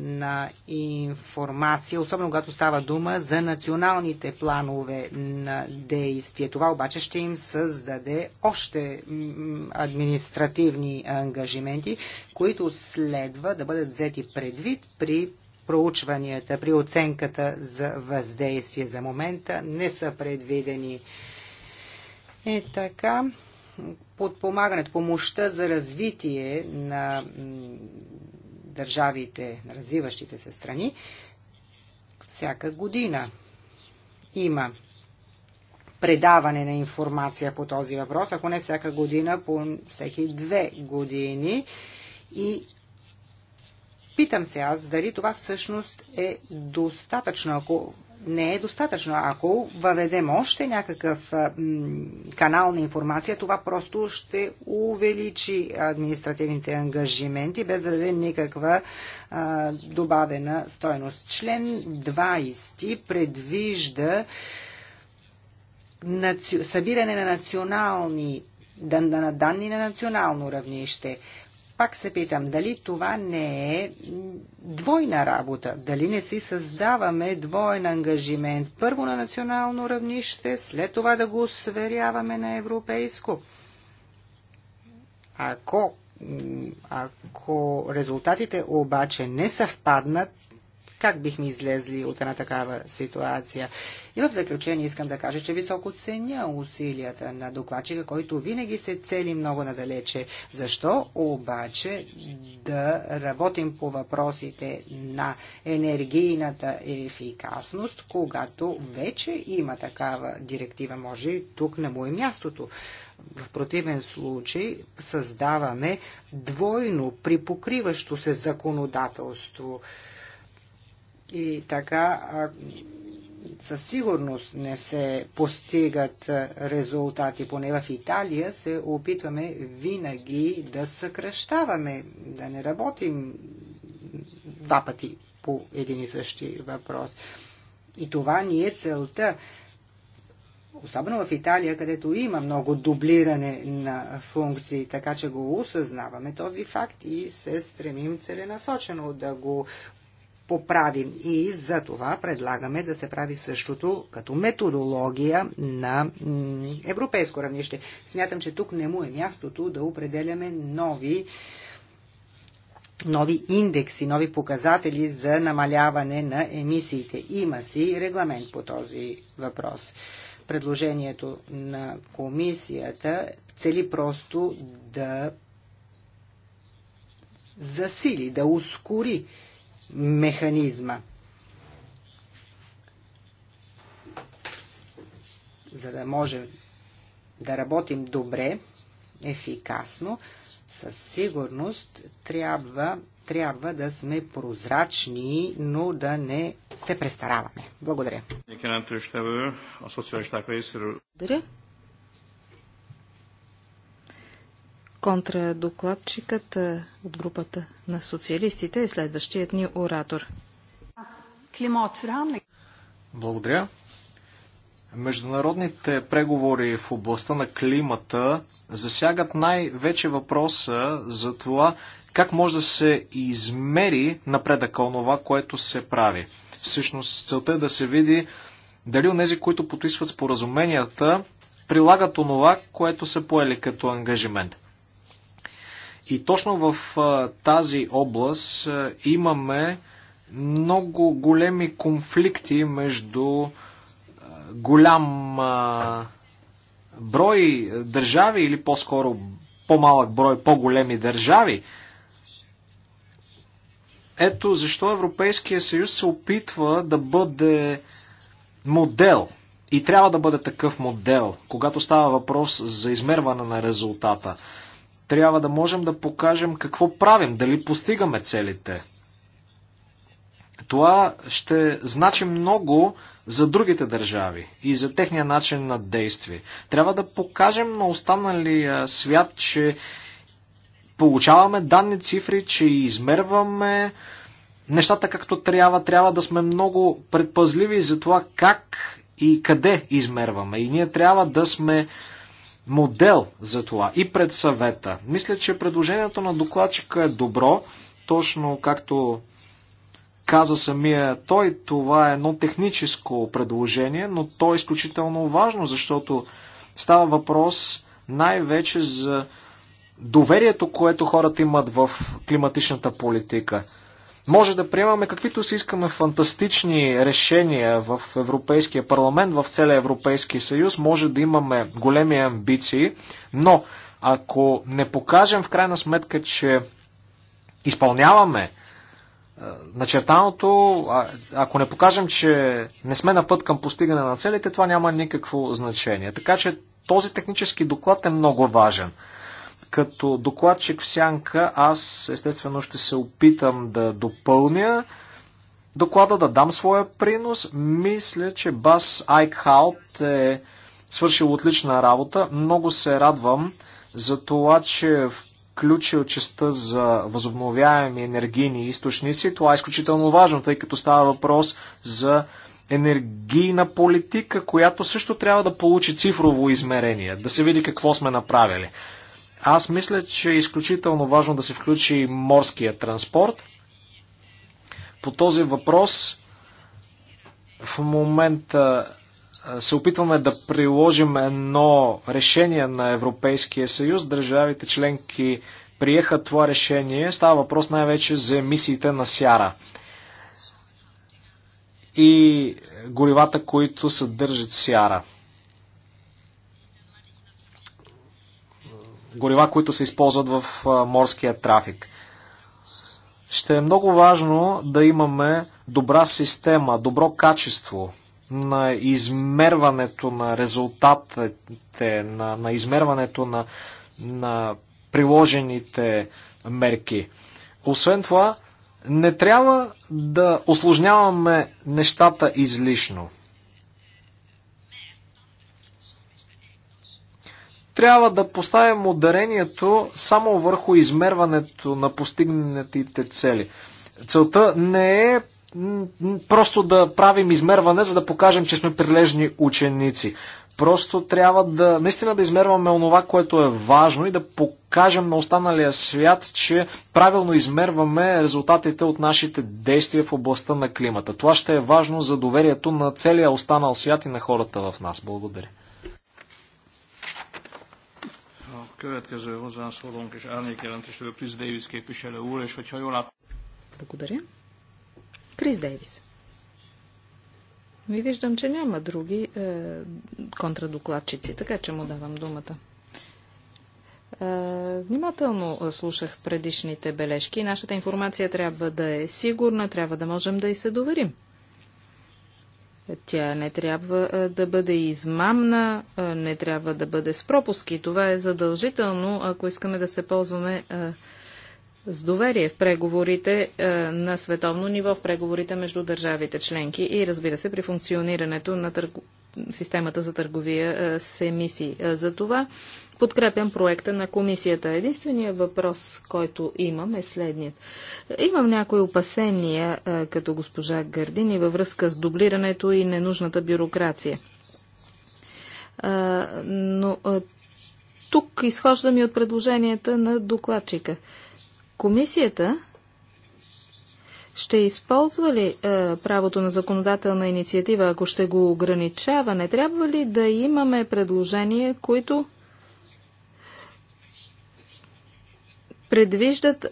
на информация, особено когато става дума за националните планове на действие. Това обаче ще им създаде още административни ангажименти, които следва да бъдат взети предвид при проучванията, при оценката за въздействие. За момента не са предвидени. Е така подпомагането, помощта за развитие на държавите, на развиващите се страни, всяка година има предаване на информация по този въпрос, ако не всяка година, по всеки две години. И питам се аз дали това всъщност е достатъчно, ако не е достатъчно. Ако въведем още някакъв канал на информация, това просто ще увеличи административните ангажименти, без да даде никаква добавена стойност. Член 20 предвижда събиране на национални данни на национално равнище пак се питам, дали това не е двойна работа? Дали не си създаваме двоен ангажимент? Първо на национално равнище, след това да го сверяваме на европейско. Ако, ако резултатите обаче не съвпаднат, как бихме излезли от една такава ситуация? И в заключение искам да кажа, че високо ценя усилията на докладчика, който винаги се цели много надалече. Защо обаче да работим по въпросите на енергийната ефикасност, когато вече има такава директива? Може и тук на мое мястото. В противен случай създаваме двойно припокриващо се законодателство. И така със сигурност не се постигат резултати. Поне в Италия се опитваме винаги да съкръщаваме, да не работим два пъти по един и същи въпрос. И това ни е целта. Особено в Италия, където има много дублиране на функции, така че го осъзнаваме този факт и се стремим целенасочено да го поправим. И за това предлагаме да се прави същото като методология на европейско равнище. Смятам, че тук не му е мястото да определяме нови нови индекси, нови показатели за намаляване на емисиите. Има си регламент по този въпрос. Предложението на комисията цели просто да засили, да ускори механизма. За да можем да работим добре, ефикасно, със сигурност трябва, трябва да сме прозрачни, но да не се престараваме. Благодаря. Благодаря. Контрадокладчикът от групата на социалистите е следващият ни оратор. Благодаря. Международните преговори в областта на климата засягат най-вече въпроса за това как може да се измери напредъка онова, което се прави. Всъщност целта е да се види дали от тези, които подписват споразуменията, прилагат онова, което са поели като ангажимент. И точно в тази област имаме много големи конфликти между голям брой държави или по-скоро по-малък брой по-големи държави. Ето защо Европейския съюз се опитва да бъде модел и трябва да бъде такъв модел, когато става въпрос за измерване на резултата. Трябва да можем да покажем какво правим, дали постигаме целите. Това ще значи много за другите държави и за техния начин на действие. Трябва да покажем на останалия свят, че получаваме данни, цифри, че измерваме нещата както трябва. Трябва да сме много предпазливи за това как и къде измерваме. И ние трябва да сме модел за това и пред съвета. Мисля, че предложението на докладчика е добро, точно както каза самия той, това е едно техническо предложение, но то е изключително важно, защото става въпрос най-вече за доверието, което хората имат в климатичната политика. Може да приемаме каквито си искаме фантастични решения в Европейския парламент, в целия Европейски съюз, може да имаме големи амбиции, но ако не покажем в крайна сметка, че изпълняваме начертаното, ако не покажем, че не сме на път към постигане на целите, това няма никакво значение. Така че този технически доклад е много важен. Като докладчик в сянка, аз естествено ще се опитам да допълня доклада, да дам своя принос. Мисля, че Бас Айкхалт е свършил отлична работа. Много се радвам за това, че е включил частта за възобновяеми енергийни източници. Това е изключително важно, тъй като става въпрос за енергийна политика, която също трябва да получи цифрово измерение, да се види какво сме направили. Аз мисля, че е изключително важно да се включи морския транспорт. По този въпрос в момента се опитваме да приложим едно решение на Европейския съюз. Държавите членки приеха това решение. Става въпрос най-вече за емисиите на сяра и горивата, които съдържат сяра. горива, които се използват в морския трафик. Ще е много важно да имаме добра система, добро качество на измерването на резултатите, на, на измерването на, на приложените мерки. Освен това, не трябва да осложняваме нещата излишно. трябва да поставим ударението само върху измерването на постигнатите цели. Целта не е просто да правим измерване, за да покажем, че сме прилежни ученици. Просто трябва да, наистина да измерваме онова, което е важно и да покажем на останалия свят, че правилно измерваме резултатите от нашите действия в областта на климата. Това ще е важно за доверието на целия останал свят и на хората в нас. Благодаря. Következő hozzászólónk és Chris Davis képviselő úr, és hogyha jól lát... Благодаря. Крис Дейвис. Ви виждам, че няма други е, контрадокладчици, така че му давам думата. Е, внимателно слушах предишните бележки. Нашата информация трябва да е сигурна, трябва да можем да и се доверим. Тя не трябва да бъде измамна, не трябва да бъде с пропуски. Това е задължително, ако искаме да се ползваме с доверие в преговорите е, на световно ниво, в преговорите между държавите членки и разбира се при функционирането на търг... системата за търговия е, с емисии. Е, за това подкрепям проекта на комисията. Единственият въпрос, който имам е следният. Имам някои опасения, е, като госпожа Гърдини, във връзка с дублирането и ненужната бюрокрация. Е, но е, тук изхождам и от предложенията на докладчика. Комисията ще използва ли е, правото на законодателна инициатива, ако ще го ограничава? Не трябва ли да имаме предложения, които предвиждат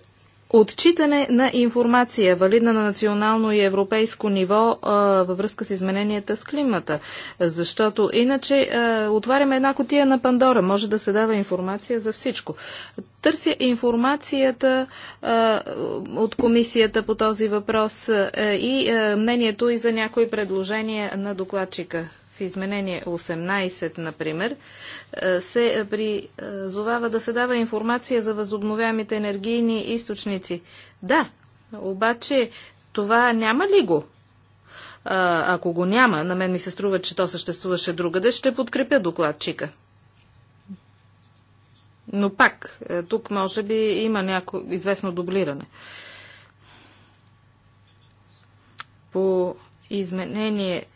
Отчитане на информация, валидна на национално и европейско ниво а, във връзка с измененията с климата. Защото иначе а, отваряме една котия на Пандора. Може да се дава информация за всичко. Търся информацията а, от комисията по този въпрос и мнението и за някои предложения на докладчика изменение 18, например, е, се призовава е, да се дава информация за възобновяемите енергийни източници. Да, обаче това няма ли го? А, ако го няма, на мен ми се струва, че то съществуваше другаде, ще подкрепя докладчика. Но пак, е, тук може би има няко... известно дублиране. По изменение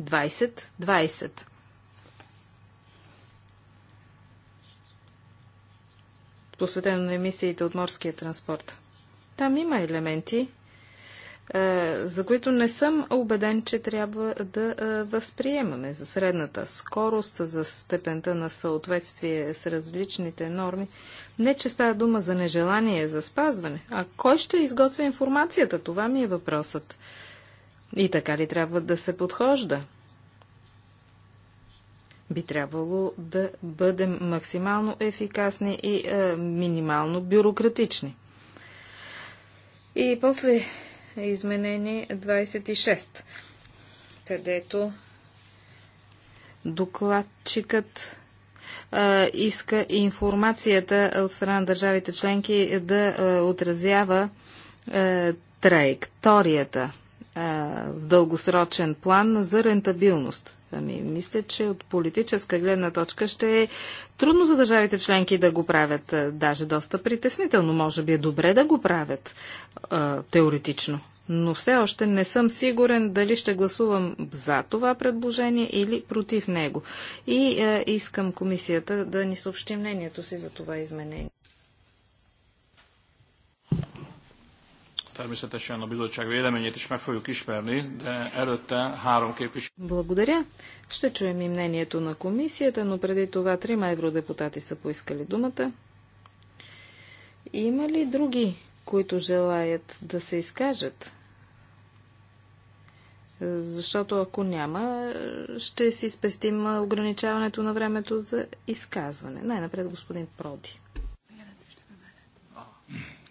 20-20. Посветено на емисиите от морския транспорт. Там има елементи, е, за които не съм убеден, че трябва да е, възприемаме за средната скорост, за степента на съответствие с различните норми. Не, че става дума за нежелание за спазване, а кой ще изготвя информацията, това ми е въпросът. И така ли трябва да се подхожда? Би трябвало да бъдем максимално ефикасни и е, минимално бюрократични. И после изменение 26, където докладчикът е, иска информацията от страна на държавите членки да е, отразява е, траекторията в дългосрочен план за рентабилност. Ами, мисля, че от политическа гледна точка ще е трудно за държавите членки да го правят, даже доста притеснително. Може би е добре да го правят а, теоретично. Но все още не съм сигурен дали ще гласувам за това предложение или против него. И а, искам комисията да ни съобщи мнението си за това изменение. Természetesen a bizottság véleményét is meg fogjuk ismerni, de előtte három képviselő. Благодаря. Ще чуем и мнението на комисията, но преди това трима евродепутати са поискали думата. Има ли други, които желаят да се изкажат? Защото ако няма, ще си спестим ограничаването на времето за изказване. Най-напред господин Проди.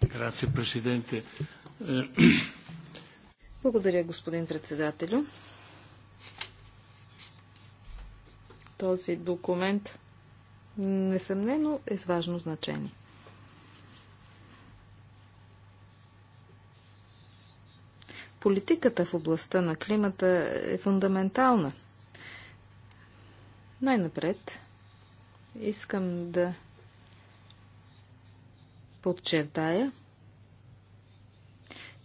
Грация, президенте. Благодаря, господин председателю. Този документ несъмнено е с важно значение. Политиката в областта на климата е фундаментална. Най-напред искам да подчертая,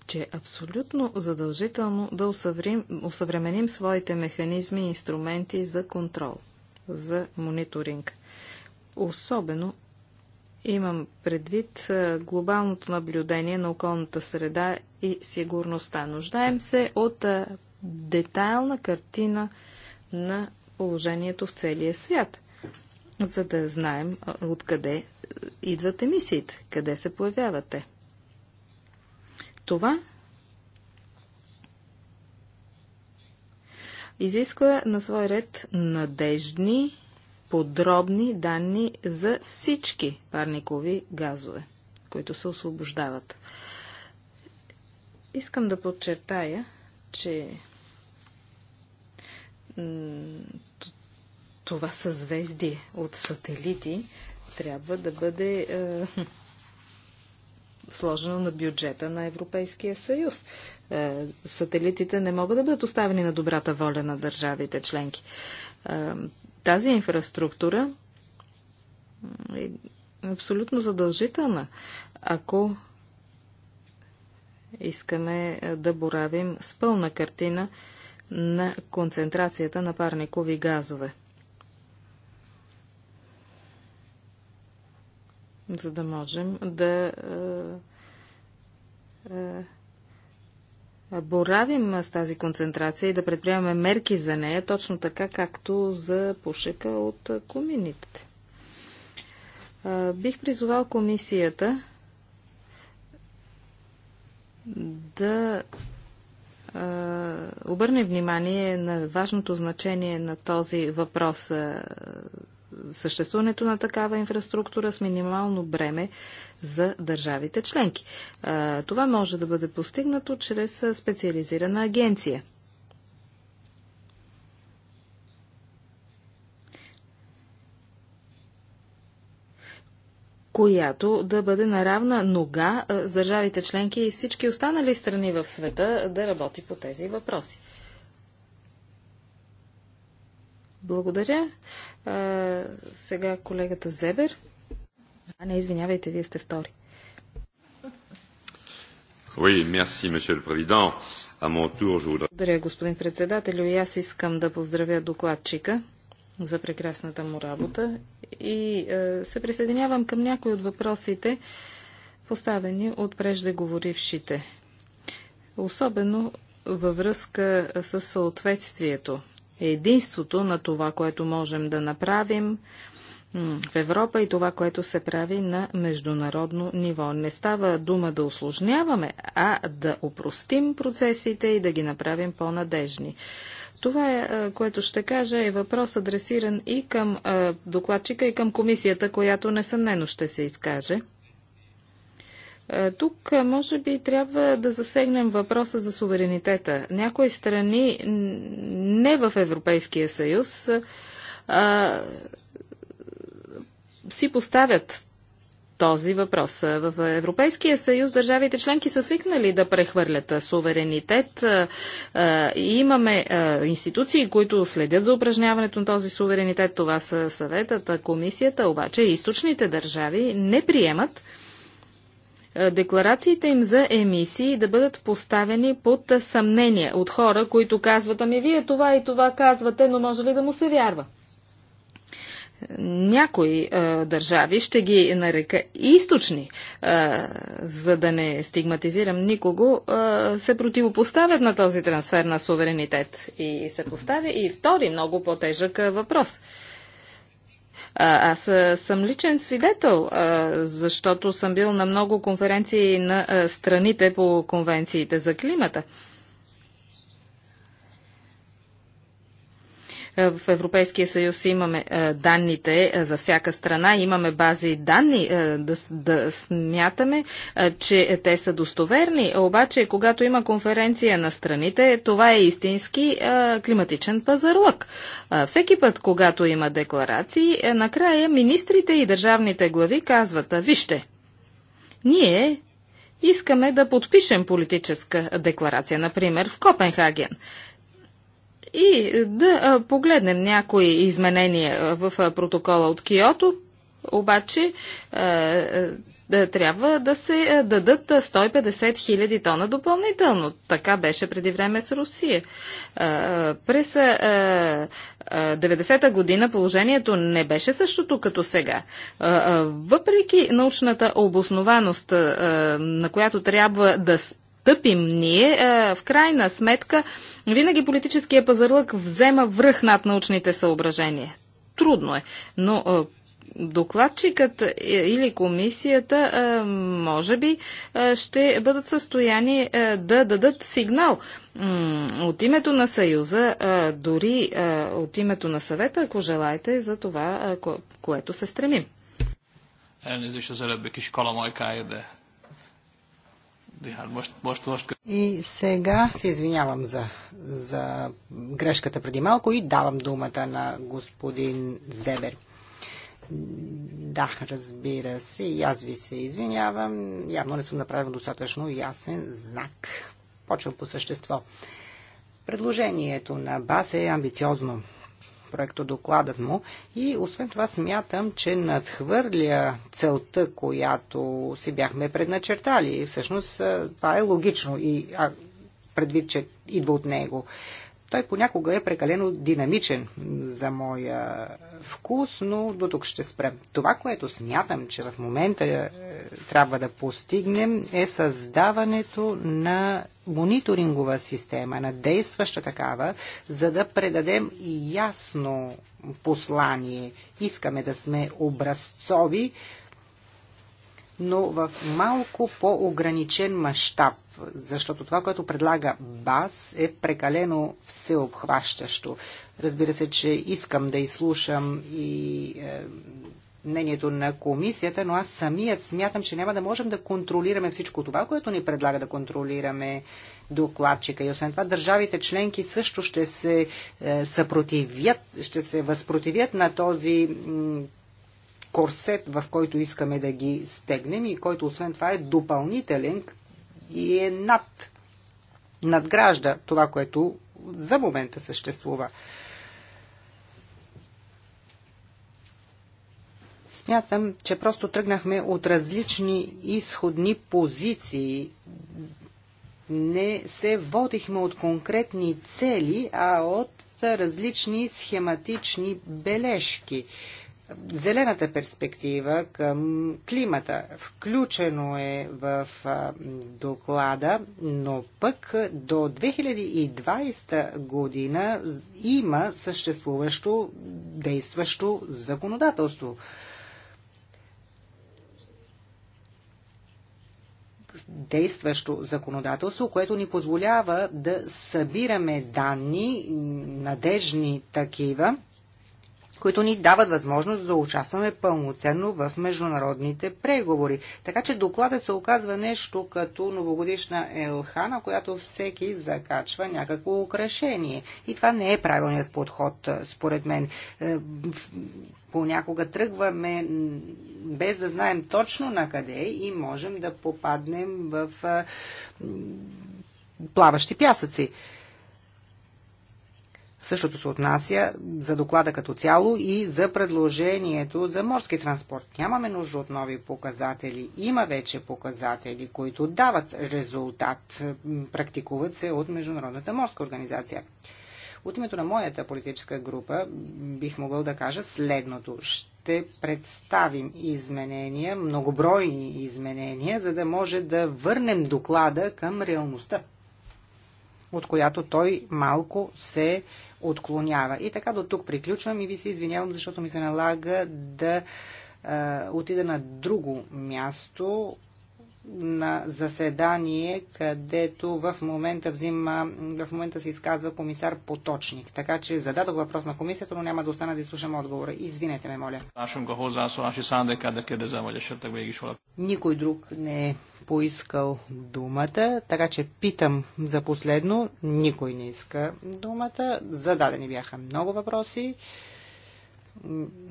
че е абсолютно задължително да усъврим, усъвременим своите механизми и инструменти за контрол, за мониторинг. Особено имам предвид глобалното наблюдение на околната среда и сигурността. Нуждаем се от детайлна картина на положението в целия свят, за да знаем откъде идват емисиите, къде се появявате. Това изисква на свой ред надеждни, подробни данни за всички парникови газове, които се освобождават. Искам да подчертая, че това съзвездие от сателити трябва да бъде е, сложено на бюджета на Европейския съюз. Е, сателитите не могат да бъдат оставени на добрата воля на държавите членки. Е, тази инфраструктура е абсолютно задължителна, ако искаме е, да боравим с пълна картина на концентрацията на парникови газове. за да можем да е, е, боравим с тази концентрация и да предприемаме мерки за нея, точно така както за пушека от комините. Е, бих призовал комисията да обърне внимание на важното значение на този въпрос съществуването на такава инфраструктура с минимално бреме за държавите членки. Това може да бъде постигнато чрез специализирана агенция. която да бъде на равна нога с държавите членки и всички останали страни в света да работи по тези въпроси. Благодаря. А, сега колегата Зебер. А не, извинявайте, вие сте втори. Oui, merci, À mon tour, je voudrais... Благодаря, господин председател, И аз искам да поздравя докладчика за прекрасната му работа и е, се присъединявам към някои от въпросите, поставени от преждеговорившите. Особено във връзка с съответствието единството на това, което можем да направим в Европа и това, което се прави на международно ниво. Не става дума да осложняваме, а да опростим процесите и да ги направим по-надежни. Това, е, което ще кажа, е въпрос адресиран и към докладчика, и към комисията, която несъмнено ще се изкаже. Е, тук е, може би трябва да засегнем въпроса за суверенитета. Някои страни не в Европейския съюз е, а, си поставят този въпрос. В Европейския съюз държавите членки са свикнали да прехвърлят суверенитет и имаме институции, които следят за упражняването на този суверенитет. Това са съветата, комисията, обаче източните държави не приемат е, декларациите им за емисии да бъдат поставени под съмнение от хора, които казват, ами вие това и това казвате, но може ли да му се вярва? Някои е, държави ще ги нарека източни, е, за да не стигматизирам никого, е, се противопоставят на този трансфер на суверенитет. И се поставя и втори много по-тежък е, въпрос. Аз съм личен свидетел, защото съм бил на много конференции на страните по конвенциите за климата. Е, в Европейския съюз имаме е, данните е, за всяка страна, имаме бази данни да, да смятаме, че те са достоверни, обаче когато има конференция на страните, това е истински климатичен пазарлък. Всеки път, когато има декларации, накрая министрите и държавните глави казват, вижте, ние искаме да подпишем политическа декларация, например в Копенхаген и да погледнем някои изменения в протокола от Киото, обаче трябва да се дадат 150 хиляди тона допълнително. Така беше преди време с Русия. През 90-та година положението не беше същото като сега. Въпреки научната обоснованост, на която трябва да спи, стъпим ние, е, в крайна сметка винаги политическия пазарлък взема връх над научните съображения. Трудно е, но е, докладчикът е, или комисията може би ще бъдат в състояние да дадат сигнал от името на Съюза, дори от името на съвета, ако желаете, за това, което се стремим. Elnézést az előbbi kis kalamajkáért, de и сега се извинявам за, за грешката преди малко и давам думата на господин Зебер. Да, разбира се, и аз ви се извинявам. Явно не съм направил достатъчно ясен знак. Почвам по същество. Предложението на БАС е амбициозно проектодокладът му и освен това смятам, че надхвърля целта, която си бяхме предначертали. Всъщност това е логично и предвид, че идва от него. Той понякога е прекалено динамичен за моя вкус, но до тук ще спрем. Това, което смятам, че в момента е, трябва да постигнем е създаването на мониторингова система, на действаща такава, за да предадем ясно послание. Искаме да сме образцови, но в малко по-ограничен мащаб защото това, което предлага БАС е прекалено всеобхващащо. Разбира се, че искам да изслушам и е, мнението на комисията, но аз самият смятам, че няма да можем да контролираме всичко това, което ни предлага да контролираме докладчика. И освен това, държавите членки също ще се е, съпротивят, ще се възпротивят на този корсет, в който искаме да ги стегнем и който освен това е допълнителен и е над, надгражда това, което за момента съществува. Смятам, че просто тръгнахме от различни изходни позиции. Не се водихме от конкретни цели, а от различни схематични бележки зелената перспектива към климата. Включено е в доклада, но пък до 2020 година има съществуващо действащо законодателство. действащо законодателство, което ни позволява да събираме данни, надежни такива, които ни дават възможност за участваме пълноценно в международните преговори. Така че докладът се оказва нещо като новогодишна елха, на която всеки закачва някакво украшение. И това не е правилният подход, според мен. Е, понякога тръгваме без да знаем точно на къде и можем да попаднем в плаващи пясъци. Същото се отнася за доклада като цяло и за предложението за морски транспорт. Нямаме нужда от нови показатели. Има вече показатели, които дават резултат. Практикуват се от Международната морска организация. От името на моята политическа група бих могъл да кажа следното. Ще представим изменения, многобройни изменения, за да може да върнем доклада към реалността от която той малко се отклонява. И така до тук приключвам и ви се извинявам, защото ми се налага да е, отида на друго място на заседание, където в момента взима, в момента се изказва комисар Поточник. Така че зададох въпрос на комисията, но няма да остана да изслушам отговора. Извинете ме, моля. Никой друг не е поискал думата, така че питам за последно. Никой не иска думата. Зададени бяха много въпроси.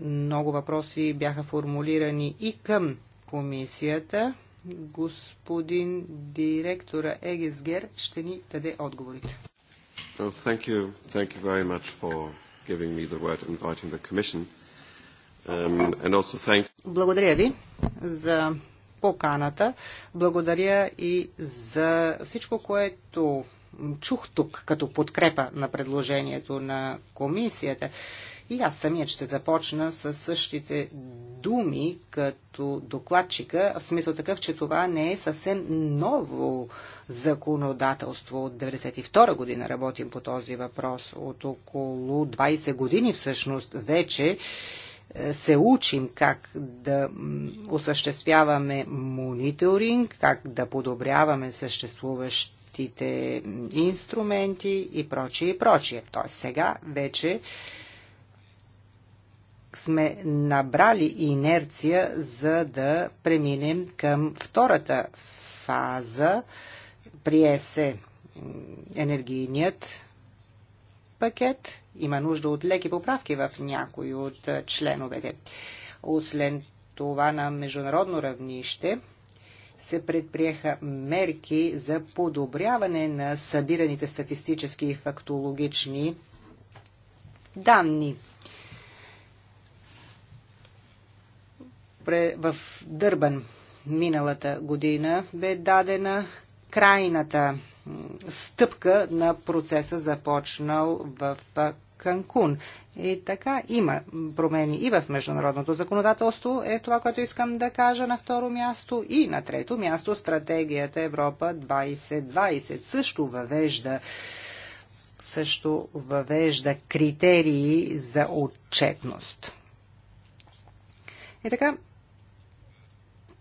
Много въпроси бяха формулирани и към комисията. Господин директора Егесгер ще ни даде отговорите. Well, thank you. Thank you very much for giving me the word, inviting the commission. Um, and also thank... Благодаря ви за поканата. Благодаря и за всичко, което чух тук като подкрепа на предложението на комисията. И аз самият ще започна с същите думи като докладчика, в смисъл такъв, че това не е съвсем ново законодателство. От 1992 година работим по този въпрос, от около 20 години всъщност вече се учим как да осъществяваме мониторинг, как да подобряваме съществуващите инструменти и прочие и прочие. Т.е. сега вече сме набрали инерция, за да преминем към втората фаза. Прие се енергийният пакет. Има нужда от леки поправки в някои от е, членовете. Освен това на международно равнище се предприеха мерки за подобряване на събираните статистически и фактологични данни. В Дърбан миналата година бе дадена крайната стъпка на процеса започнал в Канкун. И така има промени и в международното законодателство, е това, което искам да кажа на второ място. И на трето място стратегията Европа 2020 също въвежда също въвежда критерии за отчетност. И така,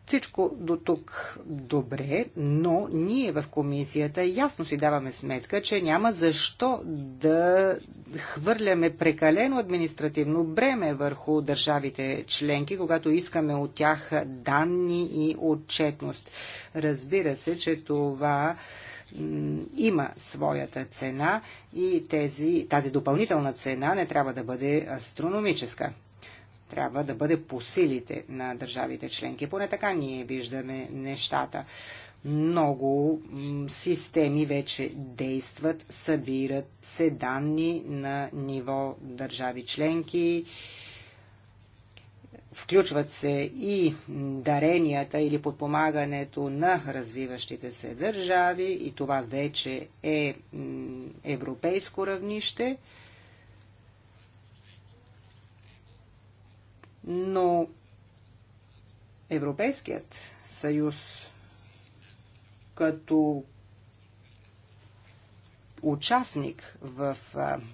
всичко до тук добре, но ние в комисията ясно си даваме сметка, че няма защо да хвърляме прекалено административно бреме върху държавите членки, когато искаме от тях данни и отчетност. Разбира се, че това има своята цена и тези, тази допълнителна цена не трябва да бъде астрономическа трябва да бъде по силите на държавите членки. Поне така ние виждаме нещата. Много системи вече действат, събират се данни на ниво държави членки. Включват се и даренията или подпомагането на развиващите се държави и това вече е европейско равнище – Но Европейският съюз като участник в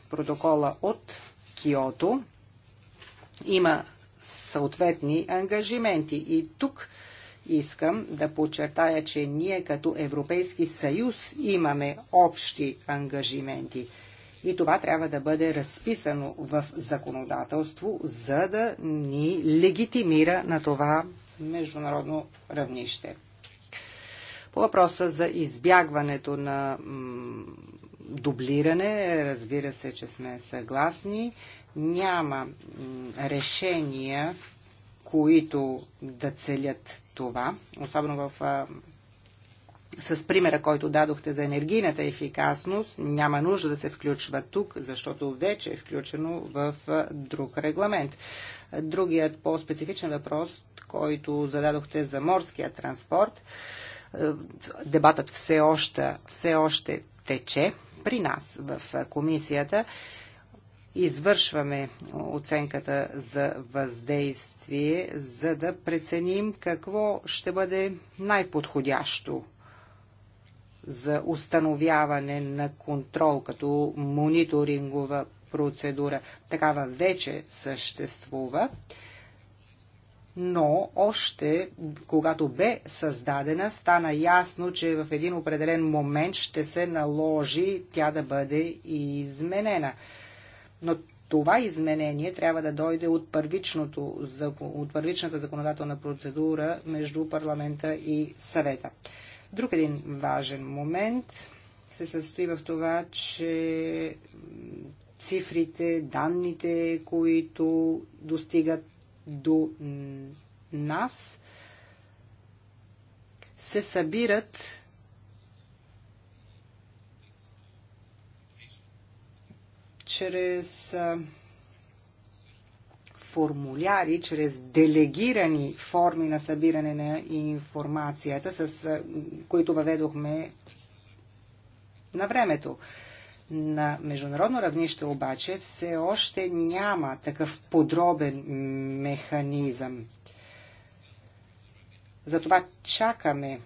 протокола от Киото има съответни ангажименти. И тук искам да подчертая, че ние като Европейски съюз имаме общи ангажименти – и това трябва да бъде разписано в законодателство, за да ни легитимира на това международно равнище. По въпроса за избягването на дублиране, разбира се, че сме съгласни. Няма решения, които да целят това, особено в с примера, който дадохте за енергийната ефикасност, няма нужда да се включва тук, защото вече е включено в друг регламент. Другият по-специфичен въпрос, който зададохте за морския транспорт, дебатът все още, все още тече при нас в комисията. Извършваме оценката за въздействие, за да преценим какво ще бъде най-подходящо за установяване на контрол като мониторингова процедура. Такава вече съществува, но още когато бе създадена, стана ясно, че в един определен момент ще се наложи тя да бъде изменена. Но това изменение трябва да дойде от, първичното, от първичната законодателна процедура между парламента и съвета. Друг един важен момент се състои в това, че цифрите, данните, които достигат до нас, се събират чрез формуляри, чрез делегирани форми на събиране на информацията, с които въведохме на времето. На международно равнище обаче все още няма такъв подробен механизъм. Затова чакаме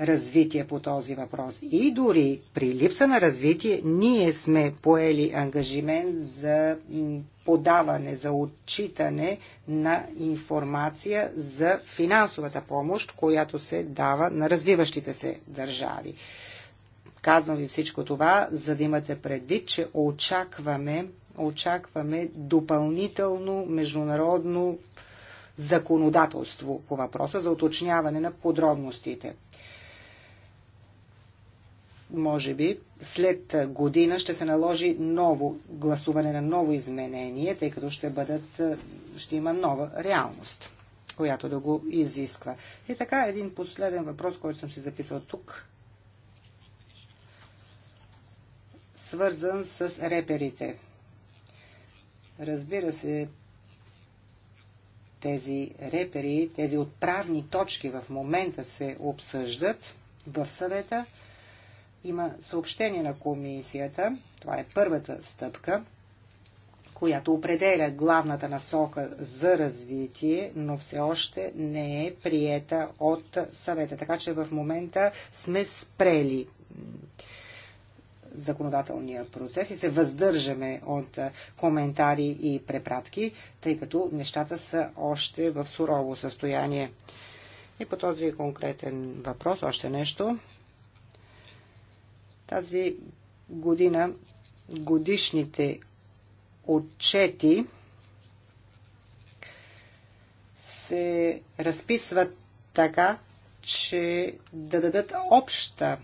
развитие по този въпрос. И дори при липса на развитие, ние сме поели ангажимент за подаване, за отчитане на информация за финансовата помощ, която се дава на развиващите се държави. Казвам ви всичко това, за да имате предвид, че очакваме, очакваме допълнително международно законодателство по въпроса за уточняване на подробностите може би след година ще се наложи ново гласуване на ново изменение, тъй като ще, бъдат, е, ще има нова реалност, която да го изисква. И така, един последен въпрос, който съм си записал тук, свързан с реперите. Разбира се, тези репери, тези отправни точки в момента се обсъждат в съвета – има съобщение на комисията. Това е първата стъпка която определя главната насока за развитие, но все още не е приета от съвета. Така че в момента сме спрели законодателния процес и се въздържаме от коментари и препратки, тъй като нещата са още в сурово състояние. И по този конкретен въпрос още нещо. Тази година годишните отчети се разписват така, че да дадат обща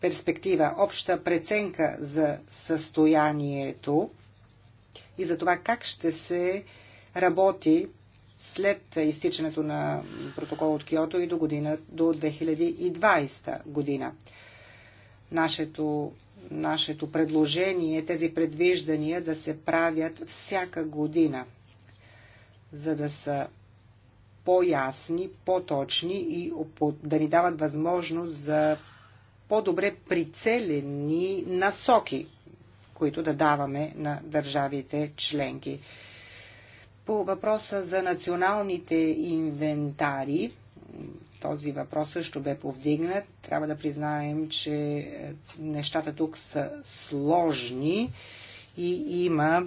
перспектива, обща преценка за състоянието и за това как ще се работи след изтичането на протокол от Киото и до година, до 2020 година. Нашето, нашето предложение е тези предвиждания да се правят всяка година, за да са по-ясни, по-точни и да ни дават възможност за по-добре прицелени насоки, които да даваме на държавите членки. По въпроса за националните инвентари, този въпрос също бе повдигнат. Трябва да признаем, че е, нещата тук са сложни и има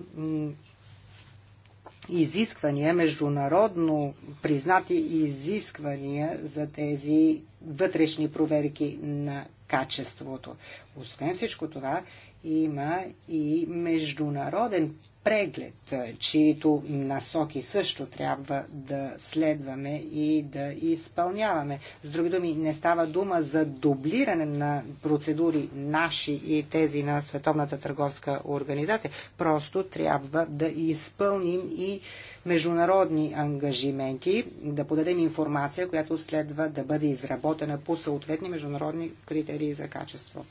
изисквания, международно признати изисквания за тези вътрешни проверки на качеството. Освен всичко това, има и международен преглед, чието насоки също трябва да следваме и да изпълняваме. С други думи, не става дума за дублиране на процедури наши и тези на Световната търговска организация. Просто трябва да изпълним и международни ангажименти, да подадем информация, която следва да бъде изработена по съответни международни критерии за качество.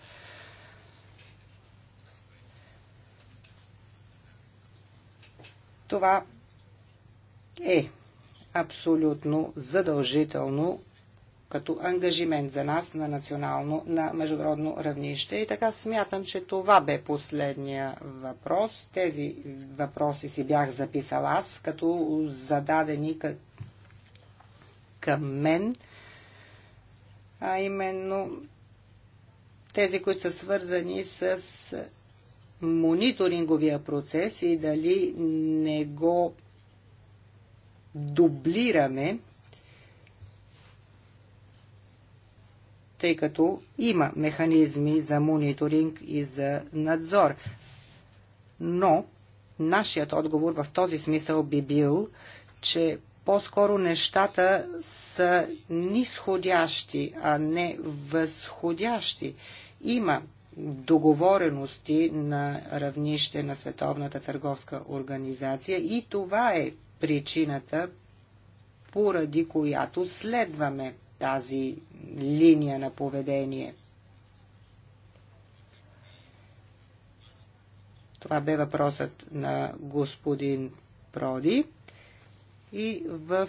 Това е абсолютно задължително като ангажимент за нас на национално, на международно равнище. И така смятам, че това бе последния въпрос. Тези въпроси си бях записал аз, като зададени къ... към мен, а именно тези, които са свързани с мониторинговия процес и дали не го дублираме, тъй като има механизми за мониторинг и за надзор. Но нашият отговор в този смисъл би бил, че по-скоро нещата са нисходящи, а не възходящи. Има договорености на равнище на Световната търговска организация и това е причината, поради която следваме тази линия на поведение. Това бе въпросът на господин Проди. И в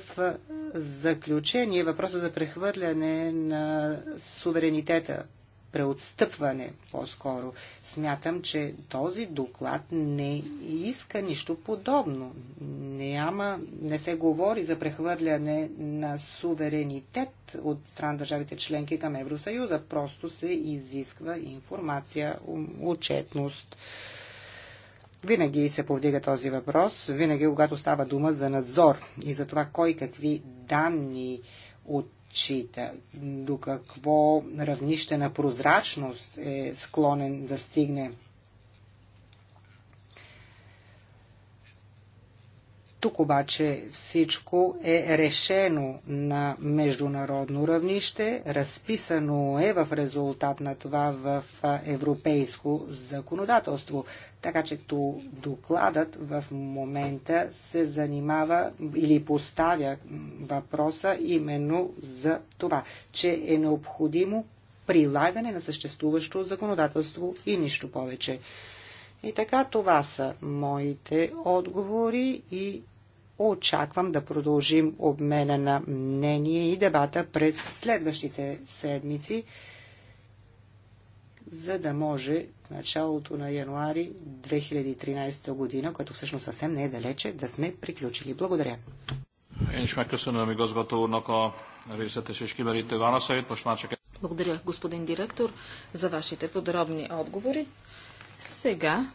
заключение въпроса за прехвърляне на суверенитета преотстъпване по-скоро. Смятам, че този доклад не иска нищо подобно. Няма, не се говори за прехвърляне на суверенитет от страна държавите членки към Евросъюза. Просто се изисква информация, отчетност. Винаги се повдига този въпрос, винаги когато става дума за надзор и за това кой какви данни от отчита, до какво равнище на прозрачност е склонен да стигне Тук обаче всичко е решено на международно равнище, разписано е в резултат на това в европейско законодателство. Така че докладът в момента се занимава или поставя въпроса именно за това, че е необходимо прилагане на съществуващо законодателство и нищо повече. И така това са моите отговори и очаквам да продължим обмена на мнение и дебата през следващите седмици, за да може в началото на януари 2013 година, което всъщност съвсем не е далече, да сме приключили. Благодаря. Благодаря, господин директор, за вашите подробни отговори. Сега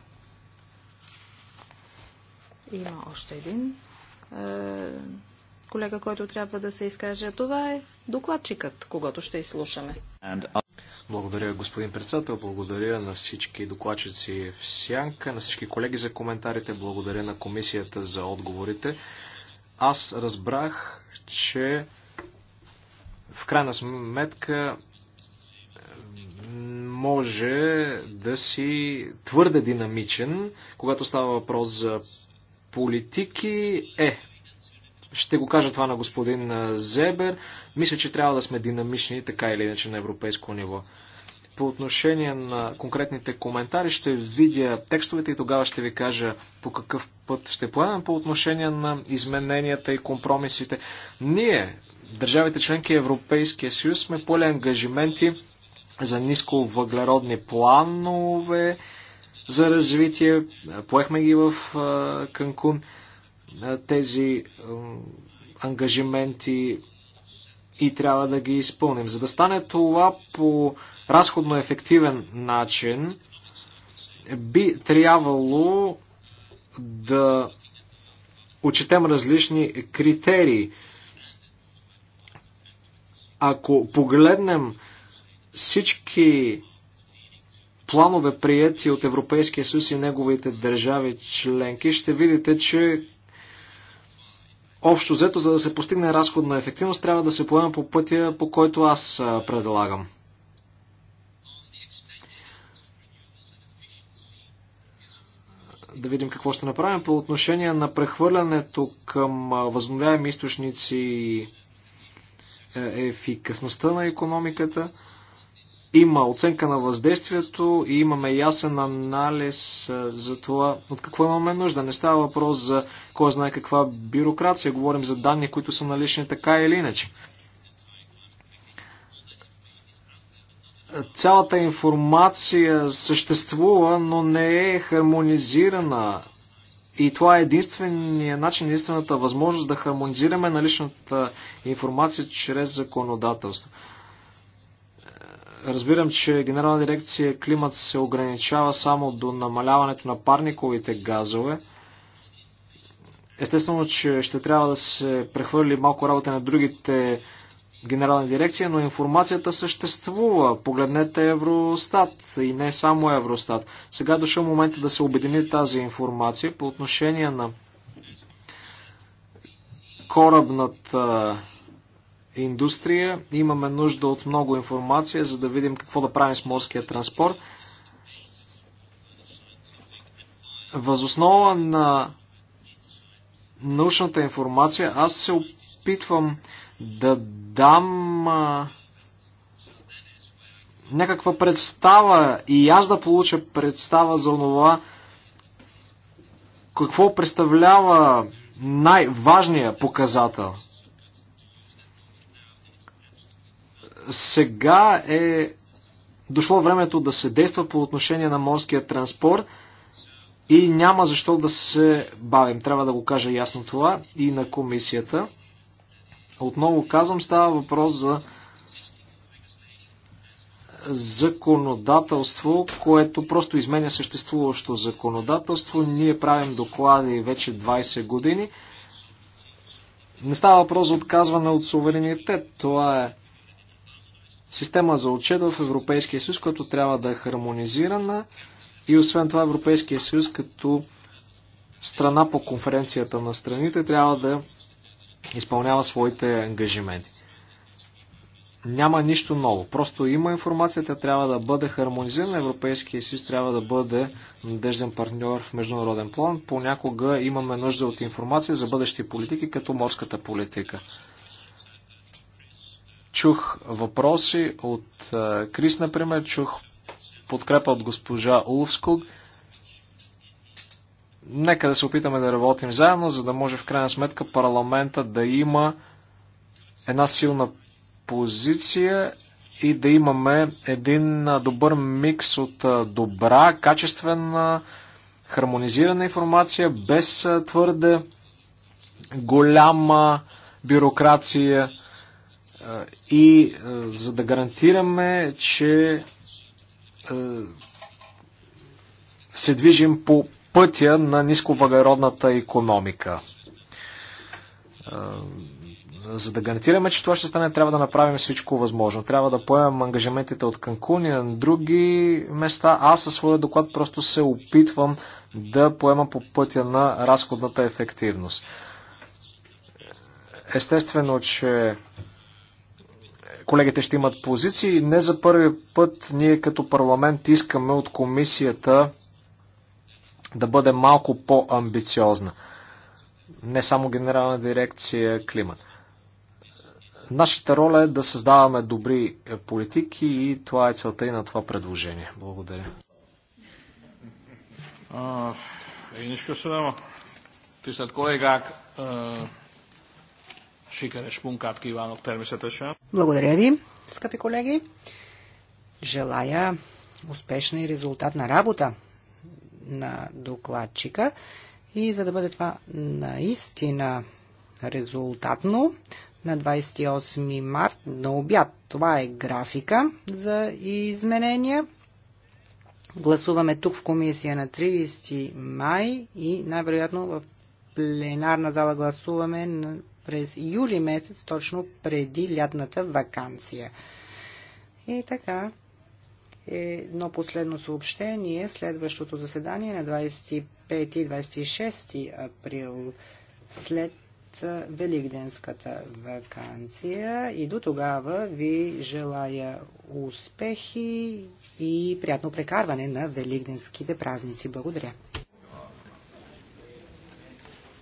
има още един е, колега, който трябва да се изкаже. Това е докладчикът, когато ще изслушаме. Благодаря, господин председател. Благодаря на всички докладчици в Сянка, на всички колеги за коментарите. Благодаря на комисията за отговорите. Аз разбрах, че в крайна сметка може да си твърде динамичен, когато става въпрос за политики е. Ще го кажа това на господин Зебер. Мисля, че трябва да сме динамични, така или иначе, на европейско ниво. По отношение на конкретните коментари ще видя текстовете и тогава ще ви кажа по какъв път ще поемем по отношение на измененията и компромисите. Ние, държавите членки Европейския съюз, сме поли ангажименти за ниско въглеродни планове, за развитие. Поехме ги в Канкун. Тези ангажименти и трябва да ги изпълним. За да стане това по разходно ефективен начин, би трябвало да отчетем различни критерии. Ако погледнем всички планове, прияти от Европейския съюз и неговите държави членки, ще видите, че общо взето, за да се постигне разходна ефективност, трябва да се поема по пътя, по който аз предлагам. да видим какво ще направим. По отношение на прехвърлянето към възобновяеми източници и е, ефикасността на економиката, има оценка на въздействието и имаме ясен анализ за това от какво имаме нужда. Не става въпрос за кой знае каква бюрокрация. Говорим за данни, които са налични така или иначе. Цялата информация съществува, но не е хармонизирана и това е единствения начин, единствената възможност да хармонизираме наличната информация чрез законодателство. Разбирам, че Генерална дирекция климат се ограничава само до намаляването на парниковите газове. Естествено, че ще трябва да се прехвърли малко работа на другите генерални дирекции, но информацията съществува. Погледнете Евростат и не само Евростат. Сега е дошъл момента да се обедини тази информация по отношение на корабната индустрия. Имаме нужда от много информация, за да видим какво да правим с морския транспорт. Възоснова на научната информация аз се опитвам да дам а, някаква представа и аз да получа представа за това какво представлява най-важният показател – сега е дошло времето да се действа по отношение на морския транспорт и няма защо да се бавим. Трябва да го кажа ясно това и на комисията. Отново казвам, става въпрос за законодателство, което просто изменя съществуващо законодателство. Ние правим доклади вече 20 години. Не става въпрос за отказване от суверенитет. Това е система за отчет в Европейския съюз, която трябва да е хармонизирана и освен това Европейския съюз като страна по конференцията на страните трябва да изпълнява своите ангажименти. Няма нищо ново. Просто има информацията, тя трябва да бъде хармонизирана. Европейския съюз трябва да бъде надежден партньор в международен план. Понякога имаме нужда от информация за бъдещи политики, като морската политика. Чух въпроси от Крис, например, чух подкрепа от госпожа Улфскуг. Нека да се опитаме да работим заедно, за да може в крайна сметка парламента да има една силна позиция и да имаме един добър микс от добра, качествена, хармонизирана информация, без твърде голяма бюрокрация и за да гарантираме, че се движим по пътя на нисковъглеродната економика. За да гарантираме, че това ще стане, трябва да направим всичко възможно. Трябва да поемем ангажиментите от Канкун и на други места. Аз със своя доклад просто се опитвам да поема по пътя на разходната ефективност. Естествено, че колегите ще имат позиции. Не за първи път ние като парламент искаме от комисията да бъде малко по-амбициозна. Не само Генерална дирекция климат. Нашата роля е да създаваме добри е, политики и това е целта и на това предложение. Благодаря. А, се Судема, ти след колега, Sikeres munkát kívánok természetesen. Благодаря ви, скъпи колеги. Желая успешна и резултатна работа на докладчика. И за да бъде това наистина резултатно, на 28 март на обяд. Това е графика за изменения. Гласуваме тук в комисия на 30 май и най-вероятно в пленарна зала гласуваме през юли месец, точно преди лятната вакансия. И така, едно последно съобщение, следващото заседание на 25 и 26 април след Великденската вакансия и до тогава ви желая успехи и приятно прекарване на Великденските празници. Благодаря!